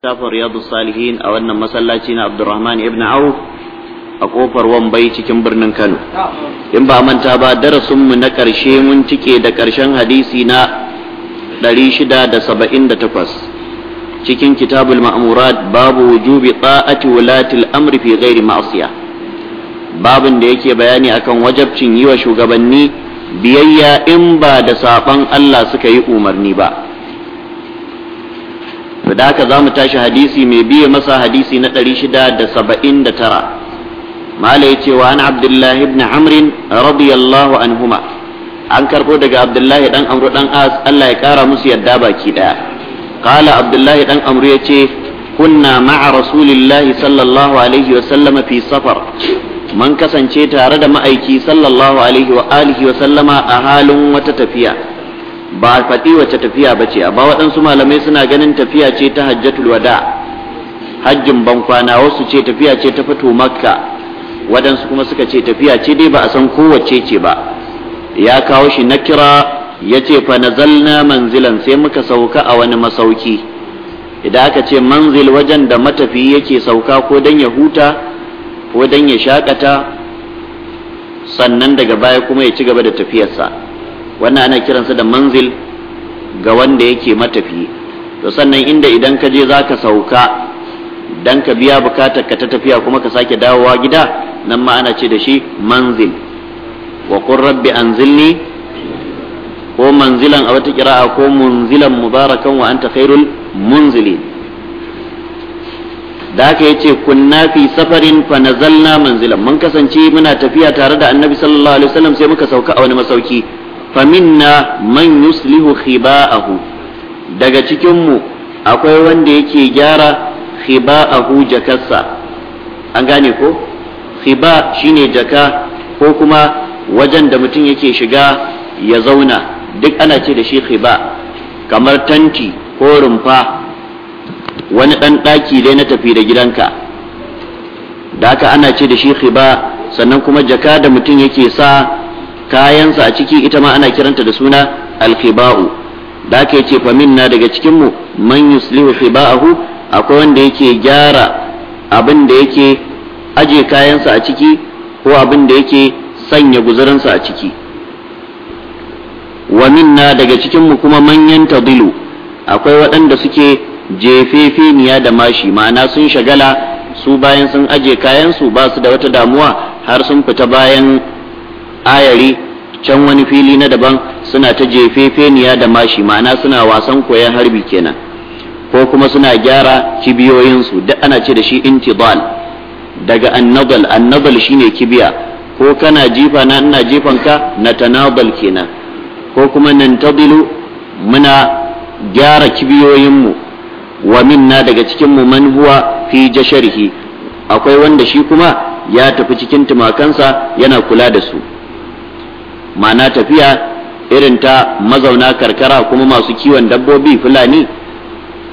tafar riyadu salihin a wannan masallaci na abdurrahman ibn auf a kofar wambai cikin birnin kano in ba manta ba darasinmu na ƙarshe mun cike da ƙarshen hadisi na 678 cikin kitabul ma'murat babu wujubi ta'ati wulatil amri fi ghairi ma'asiya babin da yake bayani akan wajabcin yi wa shugabanni biyayya in ba da saban Allah suka yi umarni ba to da haka za mu tashi hadisi mai biye masa hadisi na ɗari shida da saba'in da tara mala ya ce wa an abdullahi ibn amrin radiyallahu anhuma an karɓo daga abdullahi dan amru dan as allah ya ƙara musu yadda baki ɗaya kala abdullahi dan amru ya ce kunna ma'a rasulillahi sallallahu alaihi wa sallama fi safar man kasance tare da ma'aiki sallallahu alaihi wa alihi wa sallama a halin wata tafiya ba a faɗi wace tafiya ba ce amma waɗansu malamai suna ganin tafiya ce ta hajjatul wada hajjin bankwana wasu ce tafiya ce ta fito makka waɗansu kuma suka ce tafiya ce dai ba a san kowace ce ba ya kawo shi na kira ya ce fa nazalna manzilan sai muka sauka a wani masauki idan aka ce manzil wajen da matafi yake sauka ko don ya huta ko don ya shakata sannan daga baya kuma ya ci gaba da tafiyarsa wannan ana kiransa da manzil ga wanda yake matafi to sannan inda idan ka je zaka sauka dan ka biya bukatar ka ta tafiya kuma ka sake dawowa gida nan ma ana ce da shi manzil wa qur rabbi anzilni ko manzilan a wata kira'a ko munzilan mubarakan wa anta khairul munzilin da aka ya ce kunna fi safarin fa nazalna manzilan mun kasance muna tafiya tare da annabi sallallahu alaihi wasallam sai muka sauka a wani masauki faminna man yuslihu khiba'ahu daga cikinmu akwai wanda yake gyara khiba'ahu jakarsa an gane ko khiba shine jaka ko kuma wajen da mutum yake shiga ya zauna duk ana ce da shi khiba kamar tanti ko rumfa wani ɗan ɗaki dai na tafi da gidanka da haka ana ce da shi khiba sannan kuma jaka da mutum yake sa kayansa a ciki ita ma ana kiranta da suna alkhiba'u da ke yace fa minna daga cikin mu man yuslihu khiba'ahu akwai wanda yake gyara abin da yake aje kayansa a ciki ko abin da yake sanya guzurinsa a ciki wa minna daga cikin mu kuma manyan tadilu akwai waɗanda suke jefefeniya da mashi ma'ana sun shagala su bayan sun aje kayansu ba su da wata damuwa har sun fita bayan ayari can wani fili na daban suna ta jefefeniya da mashi ma'ana suna wasan koyon harbi kenan ko kuma suna gyara kibiyoyinsu duk ana ce da shi intidal daga annabal. annadal shine kibiya ko kana jifa na ina jifan na tanadal kenan ko kuma nantadilu muna gyara kibiyoyinmu wa minna daga cikin mu man huwa fi jasharihi akwai wanda shi kuma ya tafi cikin tumakansa yana kula da su ma'ana tafiya irin ta mazauna karkara kuma masu kiwon dabbobi fulani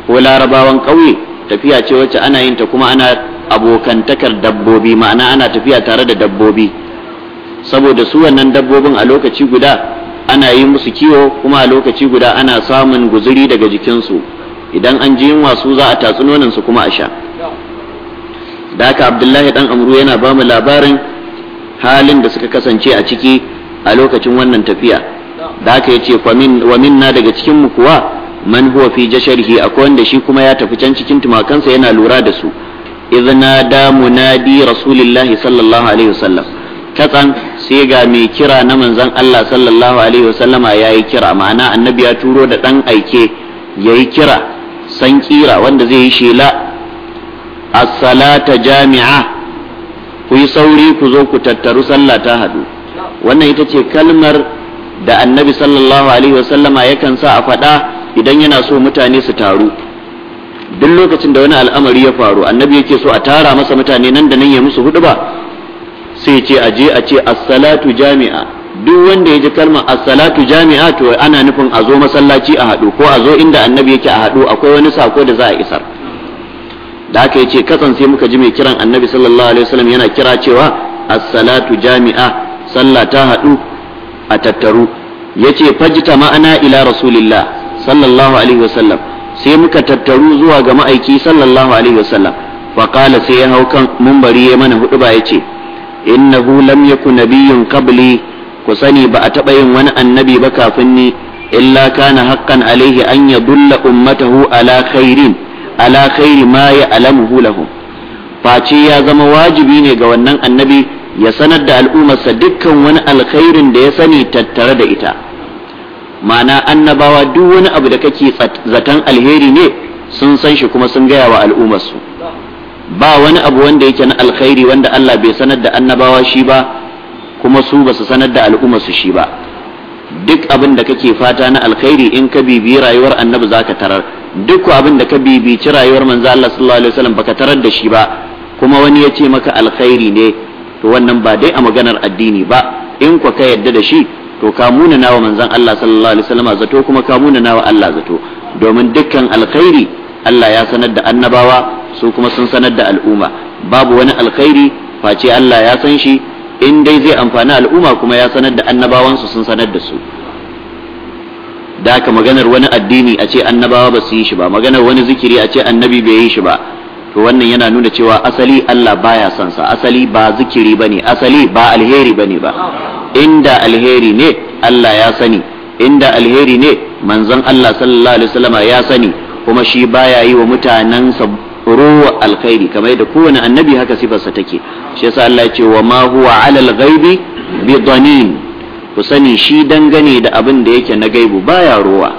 ko larabawan ƙauye tafiya ce wacce ana yin ta kuma ana abokantakar dabbobi ma'ana ana tafiya tare da dabbobi saboda su wannan dabbobin a lokaci guda ana yi musu kiwo kuma a lokaci guda ana samun guzuri daga jikinsu idan an ji yunwa su za a tatsi su kuma a sha da haka abdullahi dan amru yana ba mu labarin halin da suka kasance a ciki a lokacin wannan tafiya da haka ya ce wa minna daga cikin mu kuwa man huwa fi jasharihi akwai wanda shi kuma ya tafi can cikin tumakansa yana lura da su idna da munadi rasulillahi sallallahu alaihi wasallam katsan sai ga mai kira na manzon Allah sallallahu alaihi wasallama yayi kira ma'ana annabi ya turo da dan aike yayi kira san kira wanda zai yi shela as-salata jami'a ku yi sauri ku zo ku tattaru sallah ta haɗu wannan ita ce kalmar da annabi sallallahu alaihi wasallama yakan sa a faɗa idan yana so mutane su taru duk lokacin da wani al'amari ya faru annabi yake so a tara masa mutane nan da nan ya musu hudu ba sai ce a je a ce as-salatu jami'a duk wanda ya ji kalmar as-salatu jami'a to ana nufin a zo masallaci a haɗu ko a zo inda annabi yake a haɗu akwai wani sako da za a isar da aka yace sai muka ji mai kiran annabi sallallahu alaihi wasallam yana kira cewa as-salatu jami'a sallah ta haɗu a tattaru yace fajita ma'ana ila rasulillah sallallahu alaihi wasallam sai muka tattaru zuwa ga ma'aiki sallallahu alaihi wasallam fa sai ya hau kan munbari ya mana hudu ba yace innahu lam yakun nabiyyun qabli ku sani ba a taɓa yin wani annabi ba kafin ni illa kana haqqan alaihi an yadulla ummatahu ala khairin ala khairi ma ya'lamuhu lahum face ya zama wajibi ne ga wannan annabi ya sanar da al'ummarsa dukkan wani alkhairin da ya sani tattare da ita ma'ana annabawa duk wani abu da kake zaton alheri ne sun san shi kuma sun gaya wa al'ummarsu ba wani abu wanda yake na alkhairi wanda Allah bai sanar da annabawa shi ba kuma su ba su sanar da al'ummarsu shi ba duk abin da kake fata na alkhairi in ka bibi rayuwar annabi zaka tarar duk abin da ka bibici rayuwar manzo Allah sallallahu alaihi wasallam baka tarar da shi ba kuma wani ya ce maka alkhairi ne to wannan ba dai a maganar addini ba in ku ka yadda da shi to ka muna nawa manzon Allah sallallahu alaihi wasallam zato kuma ka muna nawa Allah zato domin dukkan alkhairi Allah ya sanar da annabawa su kuma sun sanar da al'umma babu wani alkhairi face Allah ya san shi in dai zai amfani al'umma kuma ya sanar da annabawansu sun sanar da su da ka maganar wani addini a ce annabawa ba su yi shi ba maganar wani zikiri a ce annabi bai yi shi ba to wannan yana nuna cewa asali Allah baya son sa asali ba zikiri bane asali ba alheri bane ba inda alheri ne Allah ya sani inda alheri ne manzon Allah sallallahu alaihi wasallama ya sani kuma shi baya yi wa mutanensa ruwa alkhairi kamar yadda kowane annabi haka sifarsa take shi yasa Allah ya ce wa ma huwa alal ghaibi bi dhanin ku sani shi dangane da abin da yake na gaibu baya ruwa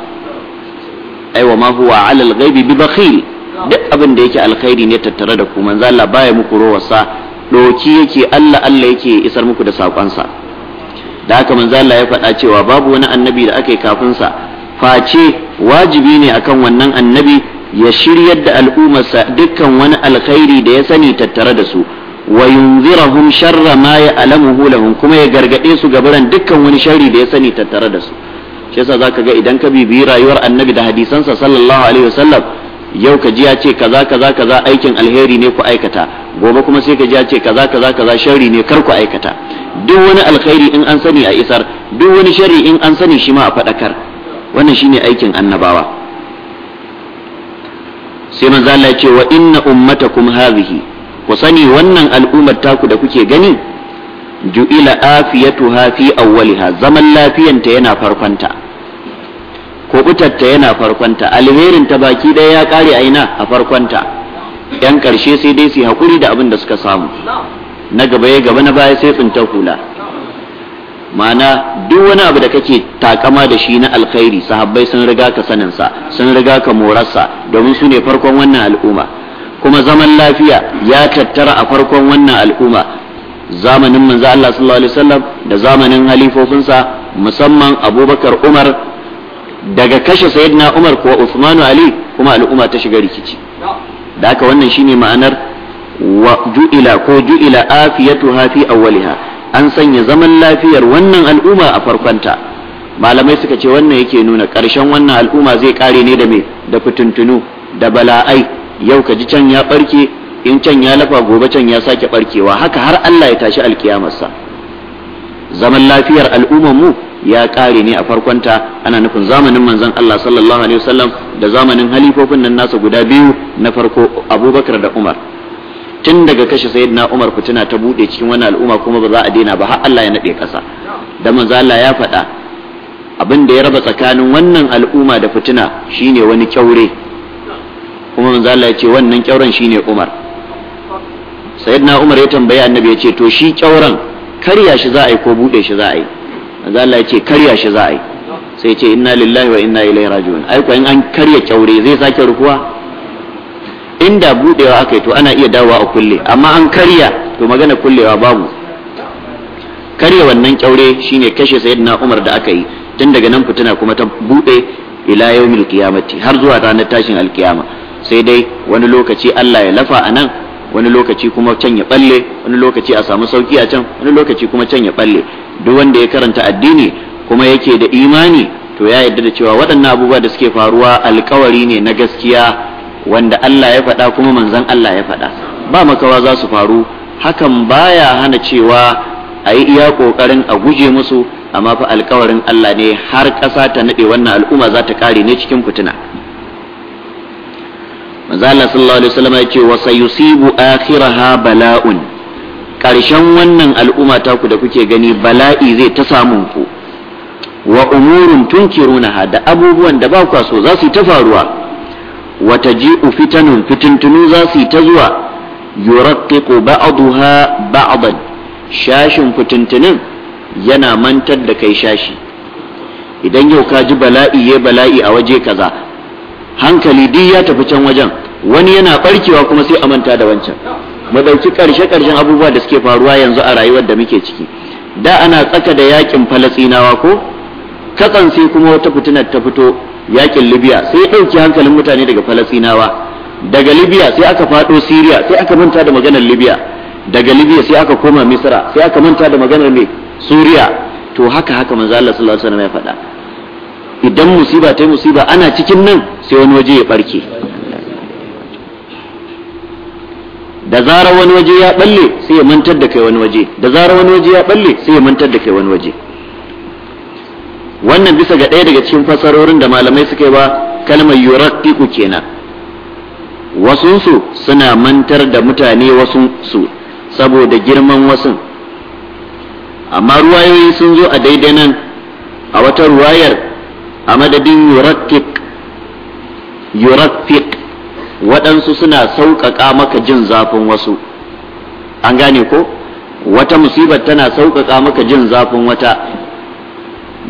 ai wa ma huwa alal ghaibi bi bakhil duk abin da yake alkhairi ne tattare da ku manzo Allah baya muku rowarsa doki yake Allah Allah yake isar muku da sakonsa da haka manzo Allah ya faɗa cewa babu wani annabi da aka yi kafin sa face wajibi ne akan wannan annabi ya shiryar da al'ummarsa dukkan wani alkhairi da ya sani tattare da su wa yunzirahum sharra ma ya'lamuhu lahum kuma ya gargade su gabaran dukkan wani sharri da ya sani tattare da su shi yasa zaka ga idan ka bibiyi rayuwar annabi da hadisansa sallallahu alaihi wasallam yau ka ji ya ce kaza kaza kaza aikin alheri ne ku aikata gobe kuma sai ka ji ya ce kaza kaza kaza sharri ne kar ku aikata duk wani alkhairi in an sani a isar duk wani sharri in an sani shi ma a faɗakar wannan shine aikin annabawa sai manzo Allah ya ce wa inna ummatakum hadhihi ku sani wannan al'ummar taku da kuke gani ju'ila afiyatuha fi awwaliha zaman lafiyanta yana farkonta kubutarta yana farkonta alherin ta baki ɗaya ya ƙare aina a farkonta yan ƙarshe sai dai su haƙuri da abin da suka samu na gaba ya gaba na baya sai tsinta hula ma'ana duk wani abu da kake takama da shi na alkhairi sahabbai sun riga ka saninsa sun riga ka morarsa domin su ne farkon wannan al'umma kuma zaman lafiya ya tattara a farkon wannan al'umma zamanin manzo Allah sallallahu alaihi wasallam da zamanin halifofinsa musamman Abubakar Umar daga kashe sayyidina Umar ko Uthmanu Ali kuma al'umma ta shiga rikici da haka wannan shine ma'anar wa ju'ila ko ju'ila afiyatuha fi awwaliha an sanya zaman lafiyar wannan al'umma a farkonta malamai suka ce wannan yake nuna ƙarshen wannan al'umma zai kare ne da me da fitintunu da bala'ai yau ka ji can ya barke, in can ya lafa gobe can ya sake barkewa, haka har Allah ya tashi alkiyamarsa zaman lafiyar al'ummar mu ya ƙare ne a farkonta ana nufin zamanin manzon Allah sallallahu alaihi wasallam da zamanin halifofin nan nasa guda biyu na farko Abubakar da Umar tun daga kashe sayyidina Umar fitina ta bude cikin wannan al'umma kuma ba za a daina ba har Allah ya nade kasa da manzo Allah ya faɗa abin da ya raba tsakanin wannan al'umma da fitina shine wani kyaure kuma manzo Allah ya ce wannan kyauren shine Umar sayyidina Umar ya tambaya annabi ya ce to shi kyauren karya shi za a yi ko bude shi za a yi manzo Allah ya ce karya shi za a yi sai ce inna lillahi wa inna ilaihi raji'un ai ko in an karya kyaure zai sake rukuwa inda budewa aka yi to ana iya dawo a kulle amma an karya to magana kullewa babu karya wannan kyaure shine kashe sayyidina Umar da aka yi tun daga nan fitina kuma ta bude ila yawmil qiyamati har zuwa ranar tashin alkiyama sai dai wani lokaci Allah ya lafa anan wani lokaci kuma can ya balle wani lokaci a samu sauki a can wani lokaci kuma can ya balle duk wanda ya karanta addini kuma yake da imani to ya yarda da cewa waɗannan abubuwa da suke faruwa alkawari ne na gaskiya wanda Allah ya faɗa kuma manzon Allah ya faɗa ba makawa za su faru hakan baya hana cewa a yi iya ƙoƙarin a guje musu amma fa alkawarin Allah ne har ƙasa ta naɗe wannan al'umma za ta ƙare ne cikin fitina manzo Allah sallallahu alaihi wasallam ya ce wa sayusibu akhiraha bala'un ƙarshen wannan al'umma ta ku da kuke gani bala'i zai ta samun ku wa umurun tunkirunaha da abubuwan da ba kwa so za su yi ta faruwa wa ji fitanun fitintunu za su yi ta zuwa yuraqqiqu ba'daha ba'dan shashin fitintunin yana mantar da kai shashi idan yau ka ji bala'i ya bala'i a waje kaza hankali duk ya tafi can wajen wani yana barkewa kuma sai a manta da wancan mu ɗauki ƙarshe-ƙarshen abubuwa da suke faruwa yanzu a rayuwar da muke ciki da ana tsaka da yakin falasinawa ko katsan sai kuma wata fitinar ta fito yakin libya sai ɗauki hankalin mutane daga falasinawa daga libya sai aka faɗo syria sai aka manta da maganar libya daga libya sai aka koma misra sai aka manta da maganar mai suriya to haka haka manzo Allah sallallahu alaihi wasallam ya faɗa idan musiba ta musiba ana cikin nan sai wani waje ya barke da zarar wani waje ya balle sai ya mantar da kai wani waje da zarar wani waje ya balle sai ya mantar da kai wani waje wannan bisa ga ɗaya daga cikin fasarorin da malamai suka yi ba kalmar yuraqiqu kenan wasunsu suna mantar da mutane wasu su saboda girman wasu amma ruwayoyi sun zo a daidai nan a wata ruwayar a madadin yuraqiq yuraqiq waɗansu suna sauƙaƙa maka jin zafin wasu an gane ko wata musibar tana sauƙaƙa maka jin zafin wata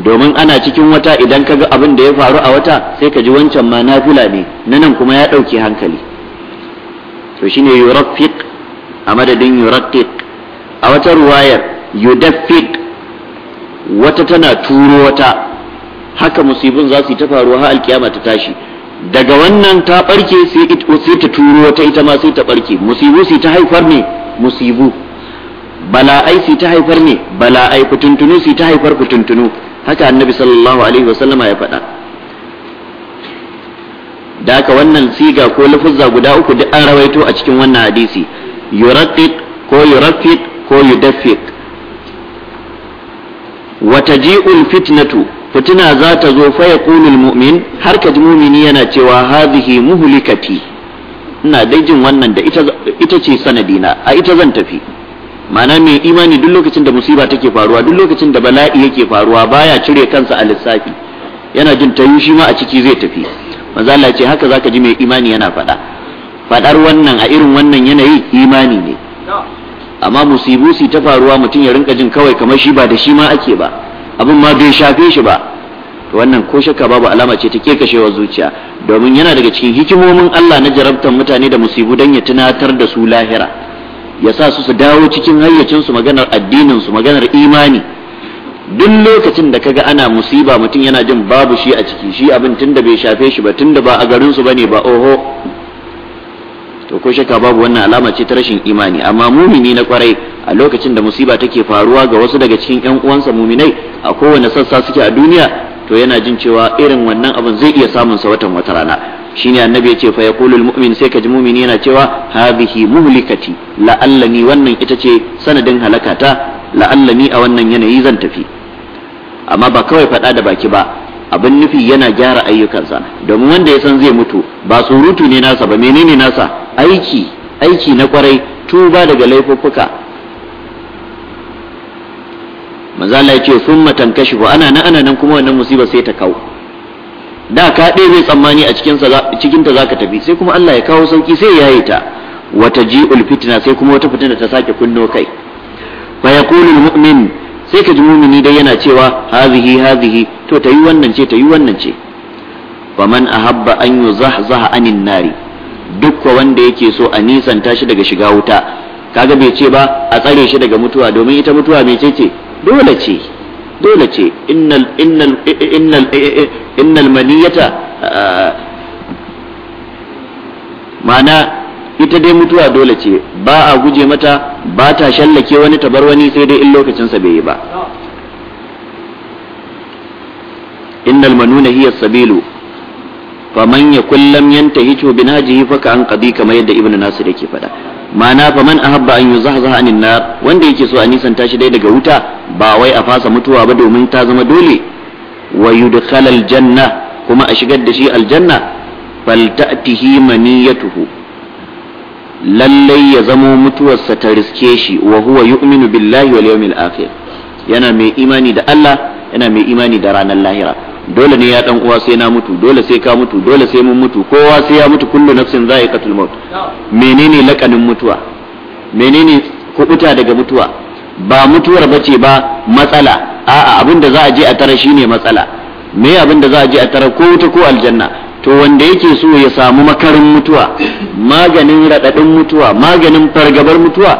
domin ana cikin wata idan ka ga abin da ya faru a wata sai ka ji wancan ma nafila ne na nan kuma ya ɗauki hankali to shi ne yurafik a madadin yurafik a wata ruwayar yudafik wata tana turo wata haka musibin za su yi ta faruwa har alkiyama ta tashi daga wannan ta barke sai ta turo ta ita ma sai ta barke musibu sai ta haifar ne musibu bala'ai sai ta haifar ne bala'ai kutuntunu sai ta haifar kutuntunu haka annabi sallallahu alaihi wasallama ya faɗa da haka wannan siga ko lafuzza guda uku duk an rawaito a cikin wannan hadisi yuraqiq ko yurafiq ko yudaffiq taji'ul fitnatu fitina za ta zo faya yaqulul mu'min har ka ji mumini yana cewa hadhihi muhlikati ina dai jin wannan da ita ce sanadina a ita zan tafi Mana mai imani duk lokacin da musiba take faruwa duk lokacin da bala'i yake faruwa baya cire kansa a lissafi yana jin tayu shi ma a ciki zai tafi manzo Allah ce haka zaka ji mai imani yana faɗa faɗar wannan a irin wannan yanayi imani ne amma musibusi ta faruwa mutum ya rinka jin kawai kamar shi ba da shi ma ake ba abin ma bai shafe shi ba to wannan ko shakka babu alama ce ta kekashewar zuciya domin yana daga cikin hikimomin Allah na jarabtar mutane da musibu dan ya tunatar da su lahira ya sa su su dawo cikin hayyacin su maganar addinin su maganar imani duk lokacin da kaga ana musiba mutum yana jin babu shi a ciki shi abin tunda bai shafe shi ba tunda ba a garin su bane ba oho to ko shakka babu wannan alama ce ta rashin imani amma mumini na kwarai a lokacin da musiba take faruwa ga wasu daga cikin ƴan uwansa muminai a kowane sassa suke a duniya to yana jin cewa irin wannan abin zai iya samun sa watan wata rana shine annabi ce fa yaqulu mu'min sai kaji mumini yana cewa hadhihi muhlikati la'allani wannan ita ce sanadin halakata la'allani a wannan yanayi zan tafi amma ba kawai faɗa da baki ba abin nufi yana gyara ayyukansa domin wanda ya san zai mutu ba surutu ne nasa ba menene nasa aiki aiki na kwarai tuba daga laifuffuka manzala ya ce sun matankashifu ana nan ana nan kuma wannan musiba sai ta kawo da ka zai tsammani a cikinta za ka tafi sai kuma Allah ya kawo sauki sai ya yi ta wata ji'ul fitna sai kuma wata fitina ta sake kunno kai fa yaqulu mu'min sai ka ji mumini dai yana cewa hazihi hazihi to ta yi wannan ce ta yi wannan ce man ahabba an yuzahzaha anin nari duk wanda yake so a nisanta shi daga shiga wuta kaga bai ce ba a tsare shi daga mutuwa domin ita mutuwa mai ce ce dole ce dole ce innal innal innal innal maniyata ma'ana ita dai mutuwa dole ce ba a guje mata ba ta shallake wani tabar wani sai dai in lokacinsa bai yi ba innal manuna hiya sabilu faman ya kullam yantahi to bin hajihi fa an qadi kamar yadda ibnu nasir yake faɗa ma'ana faman ahabba an yuzahzaha anin nar wanda yake so a nisanta shi dai daga wuta ba wai a fasa mutuwa ba domin ta zama dole wa yudkhala aljanna kuma a shigar da shi aljanna fal ta'tihi maniyatuhu lallai ya zamo mutuwarsa ta riske shi wa huwa yu'minu billahi wal yawmil akhir yana mai imani da Allah yana mai imani da ranar lahira dole ne ya dan uwa sai na mutu dole sai ka mutu dole sai mun mutu kowa sai ya mutu kullu nafsin za'iqatul maut menene lakanin mutuwa menene kubuta daga mutuwa ba mutuwar bace ba matsala a'a abin da za a je a tara shine matsala me abin da za a je a tara ko wuta ko aljanna to wanda yake so ya samu makarin mutuwa maganin raɗaɗin mutuwa maganin fargabar mutuwa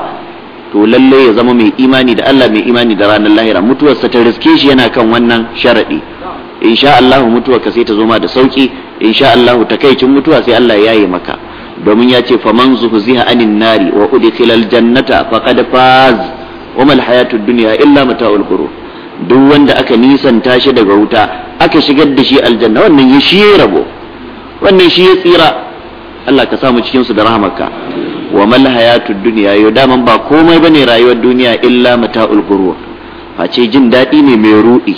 to lalle ya zama mai imani da Allah mai imani da ranar lahira mutuwarsa ta riske shi yana kan wannan sharaɗi insha Allah mutuwa ka sai ta zo ma da sauki insha Allah takaicin mutuwa sai Allah ya yi maka domin ya ce faman zuhziha anin nari wa udkhila aljannata faqad faz wa mal hayatud dunya illa mata'ul ghurur duk wanda aka nisanta shi daga wuta aka shigar da shi aljanna wannan ya shi rabo wannan shi ya tsira Allah ka samu cikin su da rahmarka wa mal hayatud dunya yau daman ba komai bane rayuwar duniya illa mata'ul ghurur ce jin daɗi ne mai ruɗi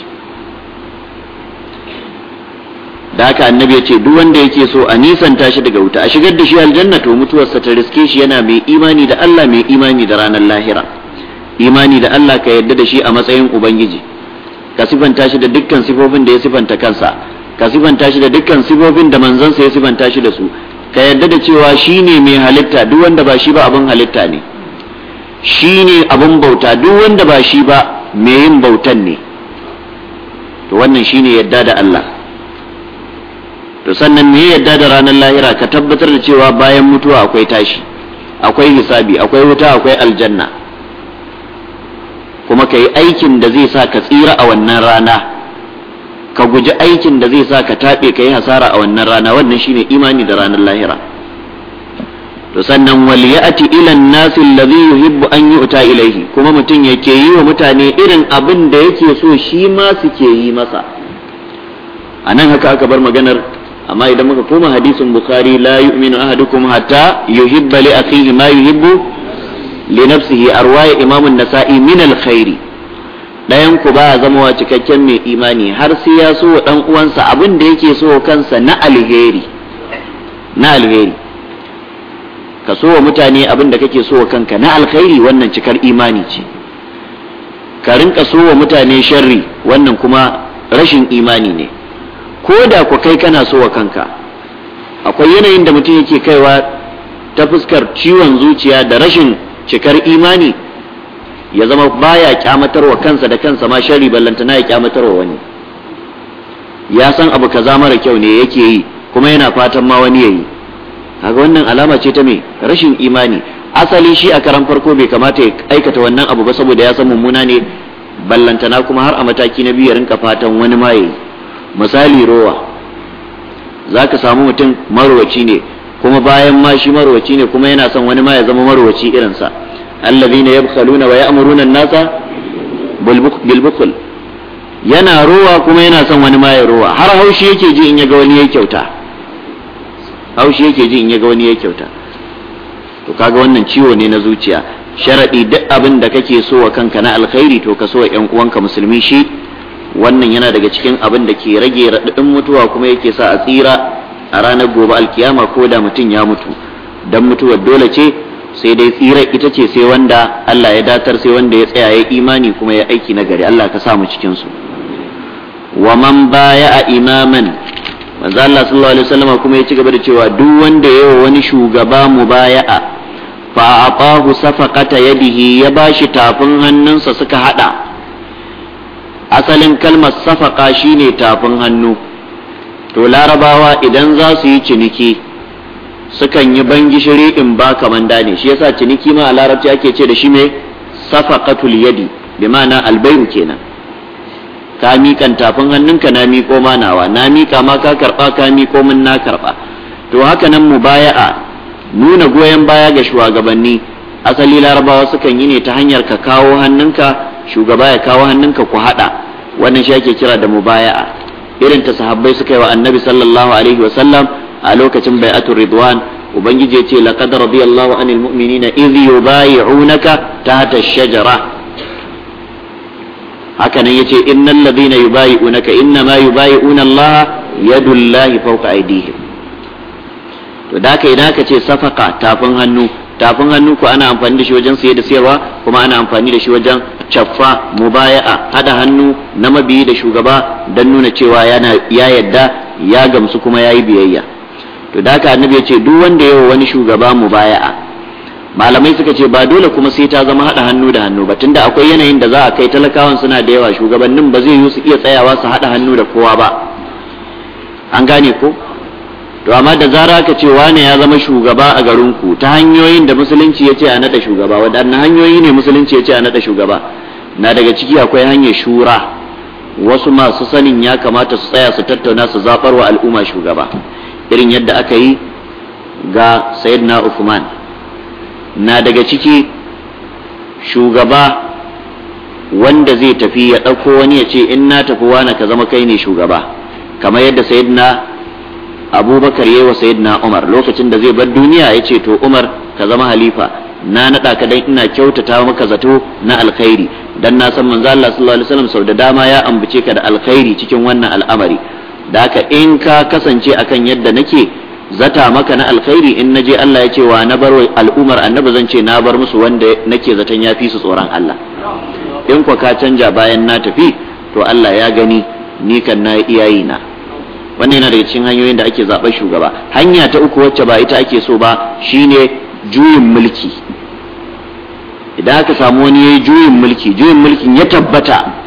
da haka annabi ya ce duk wanda yake so a nisanta shi daga wuta a shigar da shi aljanna to mutuwarsa ta riske shi yana mai imani da Allah mai imani da ranar lahira imani da Allah ka yadda da shi a matsayin ubangiji ka sifanta shi da dukkan sifofin da ya sifanta kansa ka sifanta shi da dukkan sifofin da manzansa ya sifanta shi da su ka yarda da cewa shi ne mai halitta duk wanda ba shi ba abin halitta ne shi ne abin bauta duk wanda ba shi ba mai yin bautan ne to wannan shi ne yadda da Allah to sannan me yadda da ranar lahira ka tabbatar da cewa bayan mutuwa akwai tashi akwai hisabi akwai wuta akwai aljanna kuma ka yi aikin da zai sa ka tsira a wannan rana ka guji aikin da zai sa ka taɓe ka yi hasara a wannan rana wannan shine imani da ranar lahira to sannan wal ya'ti ila an-nasi alladhi yuhibbu an yu'ta ilayhi kuma mutum yake yi wa mutane irin abin da yake so shi ma suke yi masa anan haka aka bar maganar amma idan muka koma hadisin bukhari la yu'minu ahadukum hatta yuhibba li akhihi ma yuhibbu li nafsihi arwaya imamun nasa'i min al-khairi ɗayan ku ba zama cikakken mai imani har sai ya so ɗan uwansa abin da yake so kansa na alheri na alheri ka so wa mutane abin da kake so kanka na alkhairi wannan cikar imani ce ka rinka so wa mutane sharri wannan kuma rashin imani ne ko da ku kai kana so wa kanka akwai yanayin da mutum yake kaiwa ta fuskar ciwon zuciya da rashin cikar imani ya zama baya kyamatarwa kansa da kansa ma shari ballantana ya kyamatarwa wani ya san abu kaza mara kyau ne yake yi kuma yana fatan ma wani yayi kaga wannan alama ce ta mai, rashin imani asali shi a karan farko bai kamata ya aikata wannan abu ba saboda ya san mummuna ne ballantana kuma har a mataki na biyu ya rinka fatan wani ma yayi misali rowa zaka samu mutum marwaci ne kuma bayan ma shi marwaci ne kuma yana son wani ma ya zama marwaci irinsa الذين يبخلون wa الناس بالبخل nasa روى كما yana rowa kuma yana son wani ma ya har haushi yake ji in ya wani ya kyauta haushi yake to kaga wannan ciwo ne na zuciya sharadi duk abin da kake so wa kanka na alkhairi to ka so wa ƴan uwanka musulmi shi wannan yana daga cikin abin da ke rage raɗaɗin mutuwa kuma yake sa a tsira a ranar gobe alkiyama ko da mutum ya mutu dan mutuwar dole ce sai dai tsira ita ce sai wanda Allah ya datar sai wanda ya tsaya ya imani kuma ya aiki na gari Allah ka sa mu cikin su wa man baya a imaman manzo Allah sallallahu alaihi wasallam kuma ya ci gaba da cewa duk wanda yawa wani shugaba mu a fa atahu safaqata yadihi ya bashi tafin hannunsa suka hada asalin kalmar safaqa shine tafin hannu to larabawa idan za su yi ciniki sukan yi ban gishiri in ba manda ne shi yasa ciniki ma a larabci ake ce da shi me safaqatul yadi bi ma'ana albayu kenan ka miƙan tafin hannunka na miƙo ma nawa na miƙa ma ka karɓa ka miƙo min na karɓa to haka nan mubaya'a nuna goyon baya ga shugabanni asali larabawa sukan yi ne ta hanyar ka kawo hannunka shugaba ya kawo hannunka ku haɗa wannan shi ake kira da mubaya'a irin ta sahabbai suka yi wa annabi sallallahu alaihi sallam a lokacin bai'atul ridwan ubangiji ya ce laqad radiyallahu anil mu'minina idh yubayi'unaka tahta ash-shajara haka nan yace innal ladina yubayi'unaka inna ma yubayi'una Allah yadullahi fawqa aydihim to da haka idan ka ce safaka tafin hannu tafin hannu ko ana amfani da shi wajen saye da sayarwa kuma ana amfani da shi wajen caffa mubaya'a hada hannu na mabiyi da shugaba don nuna cewa ya yadda ya gamsu kuma ya yi biyayya to da haka annabi ya ce duk wanda yawa wani shugaba mu mubaya'a malamai suka ce ba dole kuma sai ta zama haɗa hannu da hannu ba tunda akwai yanayin da za a kai talakawan suna da yawa shugabannin ba zai yi su iya tsayawa su haɗa hannu da kowa ba an gane ko to amma da zara ka ce wane ya zama shugaba a garin ku ta hanyoyin da musulunci ya ce a naɗa shugaba waɗanne hanyoyi ne musulunci ya ce a naɗa shugaba na daga ciki akwai hanyar shura wasu masu sanin ya kamata su tsaya su tattauna su zaɓar wa al'umma shugaba irin yadda aka yi ga sayyidina Uthman na daga ciki shugaba wanda zai tafi ya ɗauko wani ya ce in na tafi wani ka zama kai ne shugaba kamar yadda sayyidina abubakar ya yi wa sayyidina umar lokacin da zai bar duniya ya ce to umar ka zama halifa na naɗa ka dan ina kyautata maka zato na alkhairi dan na san manzo Allah sallallahu alaihi wasallam sau da dama ya ambace ka da alkhairi cikin wannan al'amari da haka in ka kasance akan yadda nake zata maka na alkhairi in naje Allah ya ce wa na bar al'umar annabi zan ce na bar musu wanda nake zaton ya fi su tsoron Allah in kwa ka canja bayan na tafi to Allah ya gani ni kan na iyayi na wannan yana daga cikin hanyoyin da ake zaɓar shugaba hanya ta uku wacce ba ita ake so ba shine juyin mulki idan aka samu wani yi juyin mulki juyin mulkin ya tabbata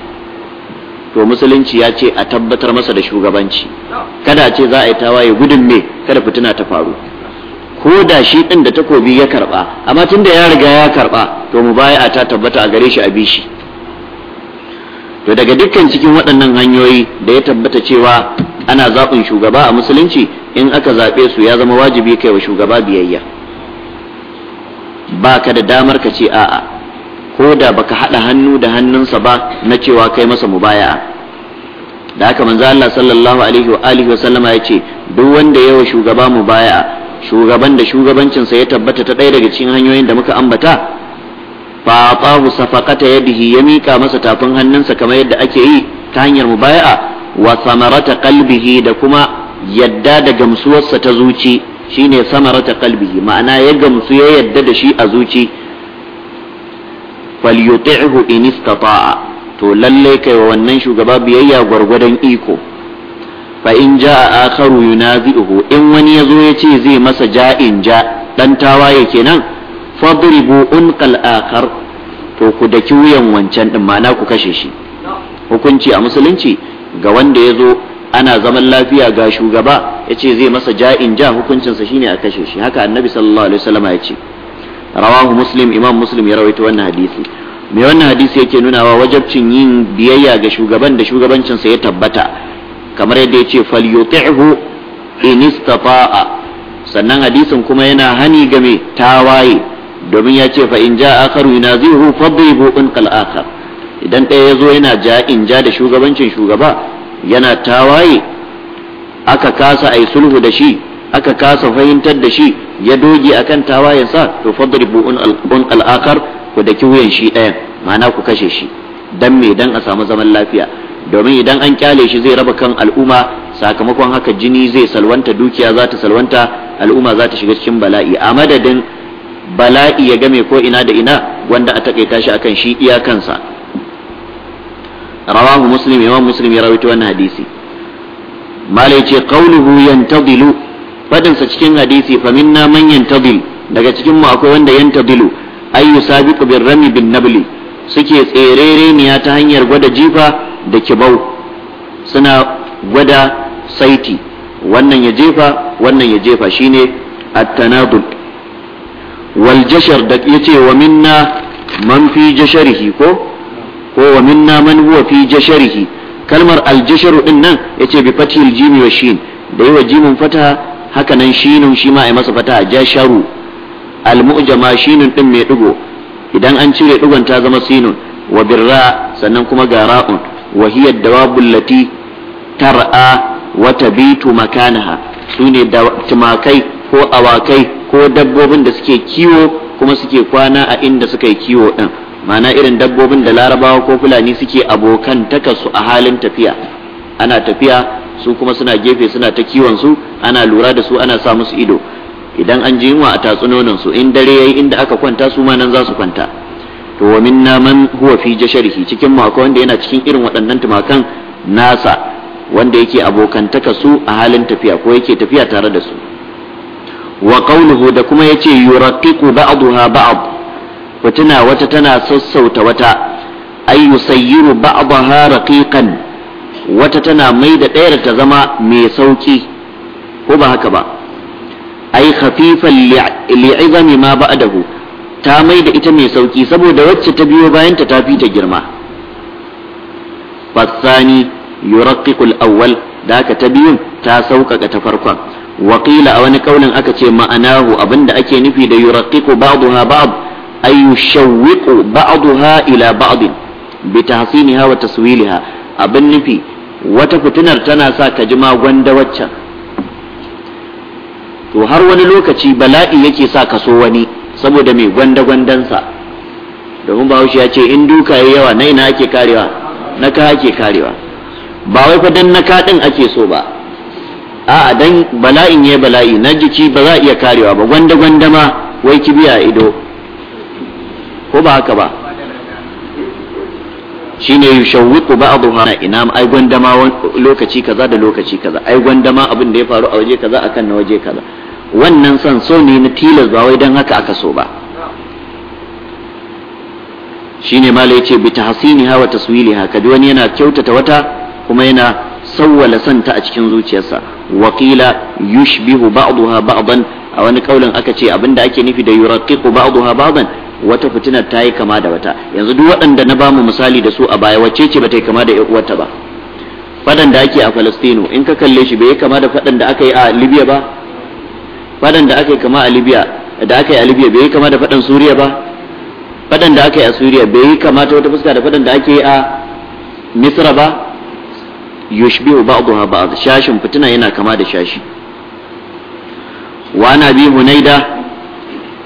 to musulunci ya ce a tabbatar masa da shugabanci kada ce za a yi tawaye gudun me kada fitina ta faru ko da shi din da takobi ya karba amma tunda ya riga ya karba to mu baya a ta tabbata a gare shi a bishi to daga dukkan cikin waɗannan hanyoyi da ya tabbata cewa ana zaɓin shugaba a musulunci in aka zaɓe su ya zama wajibi kai wa shugaba biyayya ba ka da damar ka ce a'a ko da baka haɗa hannu da hannunsa ba na cewa kai masa mubaya'a da aka manzo Allah sallallahu alaihi wa alihi wa sallama yace duk wanda yawa shugaba mubaya'a shugaban da shugabancinsa ya tabbata ta ɗaya daga cikin hanyoyin da muka ambata fa safakata safaqata yadihi ya mika masa tafin hannunsa kamar yadda ake yi ta hanyar mubaya'a wa samarata qalbihi da kuma yadda da gamsuwarsa ta zuci shine samarata qalbihi ma'ana ya gamsu ya yadda da shi a zuci falyuti'hu in istata'a to lalle kai wa wannan shugaba biyayya gwargwadon iko fa in ja'a akharu yunazi'uhu in wani yazo ya ce zai masa ja'in ja dan tawaye kenan fadribu unqal akhar to ku da wuyan wancan din ma'ana ku kashe shi hukunci a musulunci ga wanda yazo ana zaman lafiya ga shugaba ya ce zai masa ja'in ja hukuncinsa shine a kashe shi haka annabi sallallahu alaihi wasallama ya ce rawahu muslim imam muslim ya rawaito wannan hadisi mai wannan hadisi yake nunawa wajabcin yin biyayya ga shugaban da shugabancinsa ya tabbata kamar yadda ya ce falyuti'hu in istata'a sannan hadisin kuma yana hani game tawaye domin ya ce fa in ja akharu yunazihu fadribu kal akhar idan ɗaya yazo yana ja in ja da shugabancin shugaba yana tawaye aka kasa ai sulhu da shi aka kasa fahimtar da shi ya doge a kan akan sa to fadribu un al'akar ku daki wuyan shi ɗayan ma'ana ku kashe shi dan me dan a samu zaman lafiya domin idan an kyale shi zai raba kan al'umma sakamakon haka jini zai salwanta dukiya za ta salwanta al'umma za ta shiga cikin bala'i a madadin bala'i ya game ko ina da ina wanda a takaita shi akan shi iya kansa rawahu muslim imam muslim ya rawaito wannan hadisi malai ce qawluhu yantadilu fadinsa cikin hadisi fa minna man yantabil daga cikin mu akwai wanda yantabilu ay yusabiqu bir rami bin nabli suke tserereniya ta hanyar gwada jifa da kibau suna gwada saiti wannan ya jefa wannan ya jefa shine at-tanadul wal jashar da yace wa minna man fi jasharihi ko ko wa minna man huwa fi jasharihi kalmar al jashar din nan yace bi fathil jimi wa shin da yawa jimin fataha haka nan shinun shi ma a masa fata ja sharu almu'jama shinun din mai digo idan an cire digon ta zama sinun wa birra sannan kuma ga ra'un wa hiya dawabul lati tar'a wa tabitu makanaha sune tumakai ko awakai ko dabbobin da suke kiwo kuma suke kwana a inda suka yi kiwo din mana irin dabbobin da larabawa ko fulani suke abokan takasu a halin tafiya ana tafiya su kuma suna gefe suna ta kiwon su ana lura da su ana sa musu ido idan an ji yunwa a nonon su in dare yayi inda aka kwanta su ma nan za su kwanta to wa minna man huwa fi jasharihi cikin mu akwai wanda yana cikin irin waɗannan tumakan nasa wanda yake abokantaka su a halin tafiya ko yake tafiya tare da su wa qawluhu da kuma yace yuraqiqu ba'daha ba'd wata wata tana sassauta wata ay yusayyiru ba'daha raqiqan wata tana mai da ɗayar ta zama mai sauƙi ko ba haka ba ai khafifan li'izami ma ba'dahu ta mai da ita mai sauki saboda wacce ta biyo bayan ta tafi ta girma fasani yuraqqiqul awwal da haka ta biyun ta sauƙaƙa ta farkon waƙila a wani ƙaunin aka ce ma'anahu abinda ake nufi da yuraqqiqu ba'daha ba'd ay yushawwiqu ba'daha ila ba'd bi tahsiniha wa taswiliha abin nufi wata fitinar tana sa ka ji magwanda waccan to har wani lokaci bala'i yake sa ka so wani saboda mai gwanda-gwandansa domin bahaushe ya ce in duka ya yawa na ina ake karewa na ka ake karewa ba wai fa dan na ka ake so ba a'a dan bala'in ya bala'i na jiki ba za a iya karewa ba gwanda-gwanda ma wai ki kibiya ido ko ba haka ba shine yushawwiqu ba'dha ina ai gwandama lokaci kaza da lokaci kaza ai gwandama abin da ya faru a waje kaza akan na waje kaza wannan san so ne na tilas ba wai dan haka aka so ba shine malai yace bi ha wa ha kaji wani yana kyautata wata kuma yana sawwala santa a cikin zuciyarsa wakila yushbihu ba'daha ba'dan a wani kaulin aka ce abinda ake nufi da yuraqiqu ba'daha ba'dan wata fitinar ta yi kama da wata yanzu duk waɗanda na bamu misali da su a baya wacce ce bata yi kama da uwarta ba fadan da ake a Falastino in ka kalle shi bai yi kama da fadan da aka yi a Libya ba fadan da aka yi kama a Libya da aka yi a Libya bai yi kama da fadan Suriya ba fadan da aka yi a Suriya bai yi kama ta wata fuska da fadan da ake yi a Misra ba yushbihu ba'daha ba'd shashin fitina yana kama da shashi wa nabi hunaida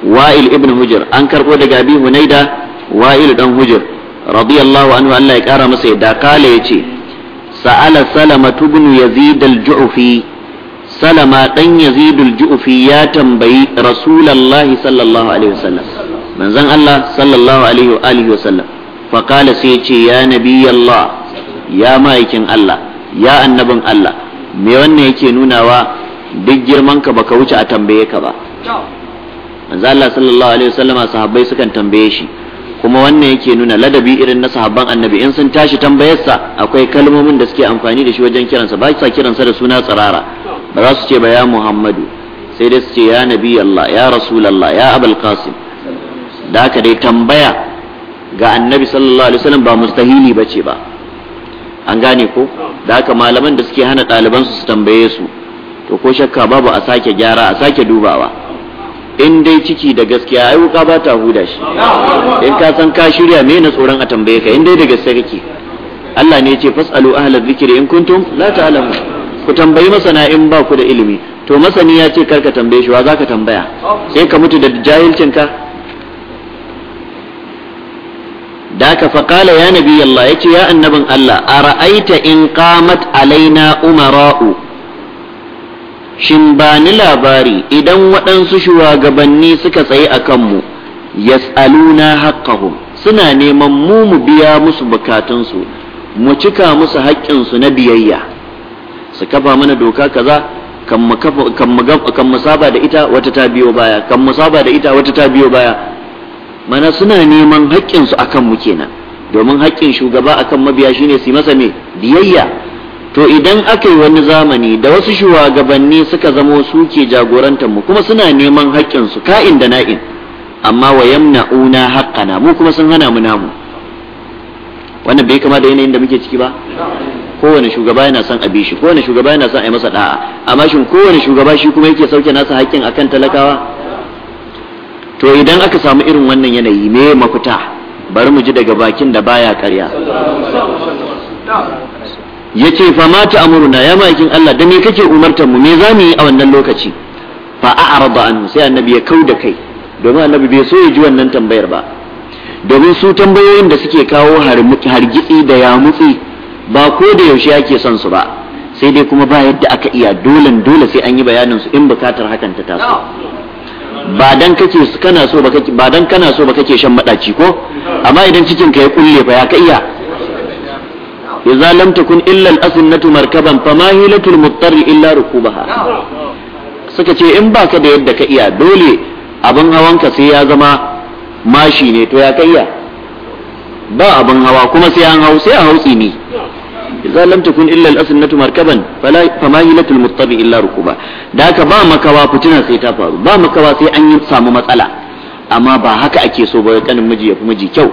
wa'il ibn hujr an karbo daga abi hunaida wa'il dan hujr radiyallahu anhu Allah ya kara masa yadda kale yace sa'ala salama ibn yazid al-ju'fi salama dan yazid al-ju'fi ya tambayi rasulullahi sallallahu alaihi wasallam manzon Allah sallallahu alaihi wa alihi wasallam fa kala sai yace ya nabiyallah ya ma'aikin Allah ya annabin Allah me wannan yake nunawa duk girman ka baka wuce a tambaye ka ba manzo Allah sallallahu alaihi wasallama sahabbai sukan tambaye shi kuma wannan yake nuna ladabi irin na sahabban annabi in sun tashi tambayarsa akwai kalmomin da suke amfani da shi wajen kiransa ba sa kiransa da suna tsirara ba za su ce ba ya muhammadu sai dai su ce ya nabi Allah ya rasulallah ya abul qasim da aka dai tambaya ga annabi sallallahu alaihi wasallam ba mustahili bace ba an gane ko da aka malaman da suke hana ɗalibansu su tambaye su to ko shakka babu a sake gyara a sake dubawa in dai ciki da gaskiya ai wuka ba ta huda shi in ka san ka shirya me na tsoron a tambaye ka in dai da gaske kake Allah ne ya ce fasalu ahlal zikri in kuntum la ta'lamu ku tambayi masana in ba ku da ilimi to masani ya ce karka tambaye shi wa zaka tambaya sai ka mutu da jahilcin ka da ka faƙala ya nabi Allah ya ce ya annabin Allah a ra'aita in qamat alaina umara'u shin ba ni labari idan waɗansu shugabanni suka tsaye a kanmu yas'aluna haqqahum suna neman mu mu biya musu bukatunsu mu cika musu haƙƙinsu na biyayya su kafa mana doka kaza kan mu saba da ita wata ta biyo baya kan mu saba da ita wata ta biyo baya mana suna neman haƙƙinsu akan mu kenan domin haƙƙin shugaba akan mabiya shine su masa me biyayya to idan aka yi wani zamani da wasu shugabanni suka zamo su ke jagorantar mu kuma suna neman haƙƙin su ka'in da na'in amma wa una haƙƙana, mu kuma sun hana mu namu wannan bai kama da yanayin da muke ciki ba kowane shugaba yana son a bi shi kowane shugaba yana son a yi masa da'a amma shin kowane shugaba shi kuma yake sauke nasa haƙƙin akan talakawa to idan aka samu irin wannan yanayi me mafita bari mu ji daga bakin da baya karya Ya ce, fa ma ta'muruna ya ma'aikin Allah da me kake umartar mu me za mu yi a wannan lokaci fa a'rada an sai annabi ya da kai domin annabi bai so ya ji wannan tambayar ba domin su tambayoyin da suke kawo hargitsi da yamutsi ba ko da yaushe ake son su ba sai dai kuma ba yadda aka iya dole dole sai an yi bayanin su in bukatar hakan ta taso ba dan kake kana so ba ba dan kana so ba kake shan madaci ko amma idan cikin ka ya kulle fa ya ka iya idza لم تكن illa al مركبا فما fama hilatul muttari illa rukubaha suka ce in baka da yadda ka iya dole abin hawanka sai ya zama mashi ne to ya kaiya ba abin hawa kuma sai an hau sai a hau tsini idza lam illa al-asnatu markaban fama hilatul muttari illa rukuba da haka ba makawa fitina sai ta faru ba makawa sai an yi samu matsala amma ba haka so ba kanin miji kyau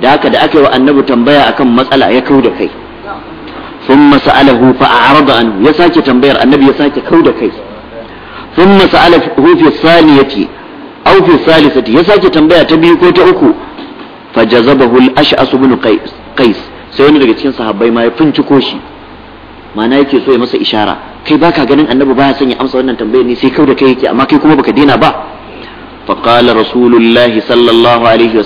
da haka da aka yi wa annabi tambaya akan matsala ya kau da kai thumma sa'alahu fa a'rada an ya sake tambayar annabi ya sake kauda kai thumma sa'alahu fi saliyati aw fi salisati ya sake tambaya ta biyu ko ta uku fa jazabahu al-ash'as ibn sai wani daga cikin sahabbai ma ya finciko shi ma'ana yake so ya masa ishara kai baka ganin annabi baya son ya amsa wannan tambayar ne sai kauda kai yake amma kai kuma baka dina ba fa qala sallallahu alaihi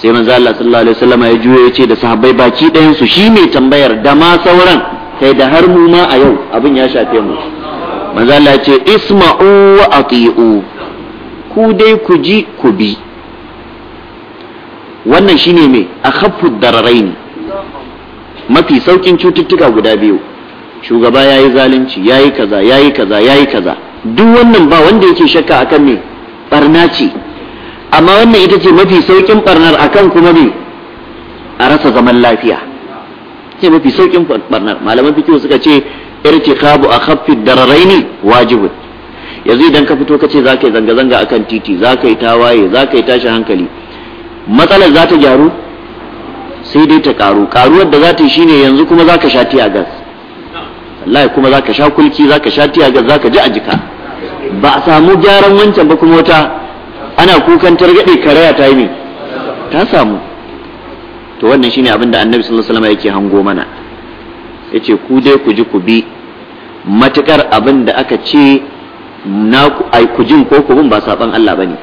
sai manzo Allah sallallahu alaihi wasallam ya juyo ya ce da sahabbai baki ɗayan su shi mai tambayar da ma sauran kai da har mu ma a yau abin ya shafe mu manzo Allah ya ce isma'u wa ati'u ku dai ku ji ku bi wannan shine me akhaffu dararain mafi saukin cututtuka guda biyu shugaba yayi zalunci yayi kaza yayi kaza yayi kaza duk wannan ba wanda yake shakka akan me barna ce amma wannan ita ce mafi saukin barnar akan kuma ne a rasa zaman lafiya ce mafi saukin barnar malaman fikihu suka ce kabu irtikabu dararai ne wajibi yanzu idan ka fito ka ce za ka yi zanga-zanga a kan titi za ka yi tawaye za ka yi tashi hankali matsalar za ta gyaru sai dai ta karu karuwar da za ta yi shine yanzu kuma za ka sha tiya gas wallahi kuma za ka sha kulki za ka sha tiya gas za ka ji a jika ba a samu gyaran wancan ba kuma wata ana kukan targaɗe karaya ta yi ta samu to wannan shine abin da annabi sallallahu alaihi wasallam yake hango mana yace ku dai ku ji ku bi matukar abin da aka ce na ai ku jin ko ku bin ba saban Allah bane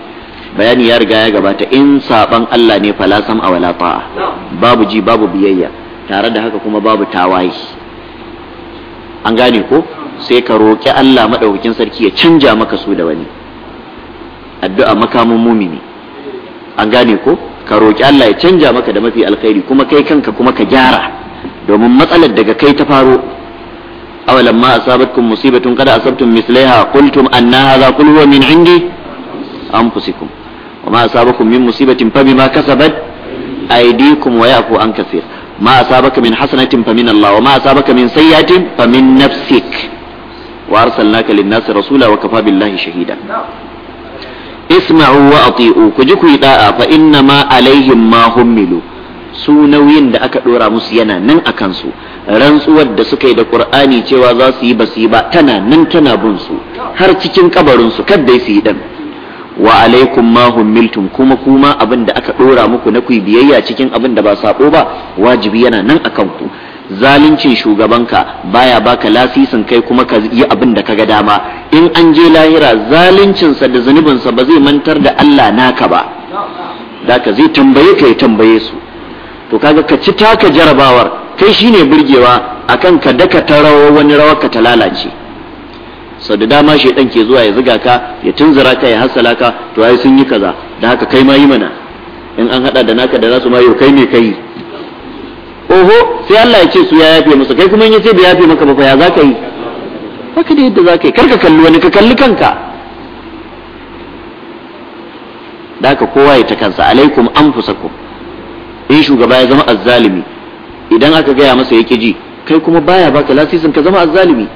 bayani ya riga ya gabata in saban Allah ne fala sam a wala ta'a babu ji babu biyayya tare da haka kuma babu tawayi an gane ko sai ka roƙi Allah madaukakin sarki ya canja maka su da wani addu'a makamin mumini an gane ko ka roƙi Allah ya canja maka da mafi alkhairi kuma kai kanka kuma ka gyara domin matsalar daga kai ta faro awalan ma asabatkum musibatun qad asabtum mislaiha qultum anna hadha qul huwa min indi anfusikum wa ma asabakum min musibatin fa bima kasabat aydikum wa yafu an kaseer ma asabaka min hasanatin fa min Allah wa ma asabaka min sayyi'atin fa min nafsik wa arsalnaka lin-nasi rasula wa kafa billahi shahida isma'u wa ati'u ku ji ku yi da'a fa inna ma alaihim ma su nauyin da aka ɗora musu yana nan a kansu rantsuwar da suka yi da qur'ani cewa za su yi ba su yi ba tana nan tana bin su har cikin kabarin su kadda su yi dan wa alaikum ma hummiltum kuma kuma abin da aka ɗora muku na ku biyayya cikin abin da ba sako ba wajibi yana nan akan ku Zalincin shugabanka baya baka lasisin kai kuma ka yi abin da ga dama in an je lahira zaluncinsa da zunubinsa ba zai mantar da Allah naka ba da ka zai tambaye ka ya tambaye su to kaga ka ci taka jarabawar kai shine burgewa akan ka daka ta rawa wani rawa ka ta lalace sau da dama shaidan ke zuwa ya ziga ka ya tunzura ka ya hasala ka to ai sun yi kaza da haka kai ma yi mana in an hada da naka da nasu ma yau kai ne kai oho sai Allah ya ce su ya yafe musu kai kuma in yace bai yafe maka ba fa ya zaka yi haka da yadda zaka yi kar ka kalli wani ka kalli kanka da haka kowa ya ta kansa alaikum anfusakum in shugaba ya zama azzalimi idan aka gaya masa yake ji kai kuma baya baka lasisin ka zama azzalimi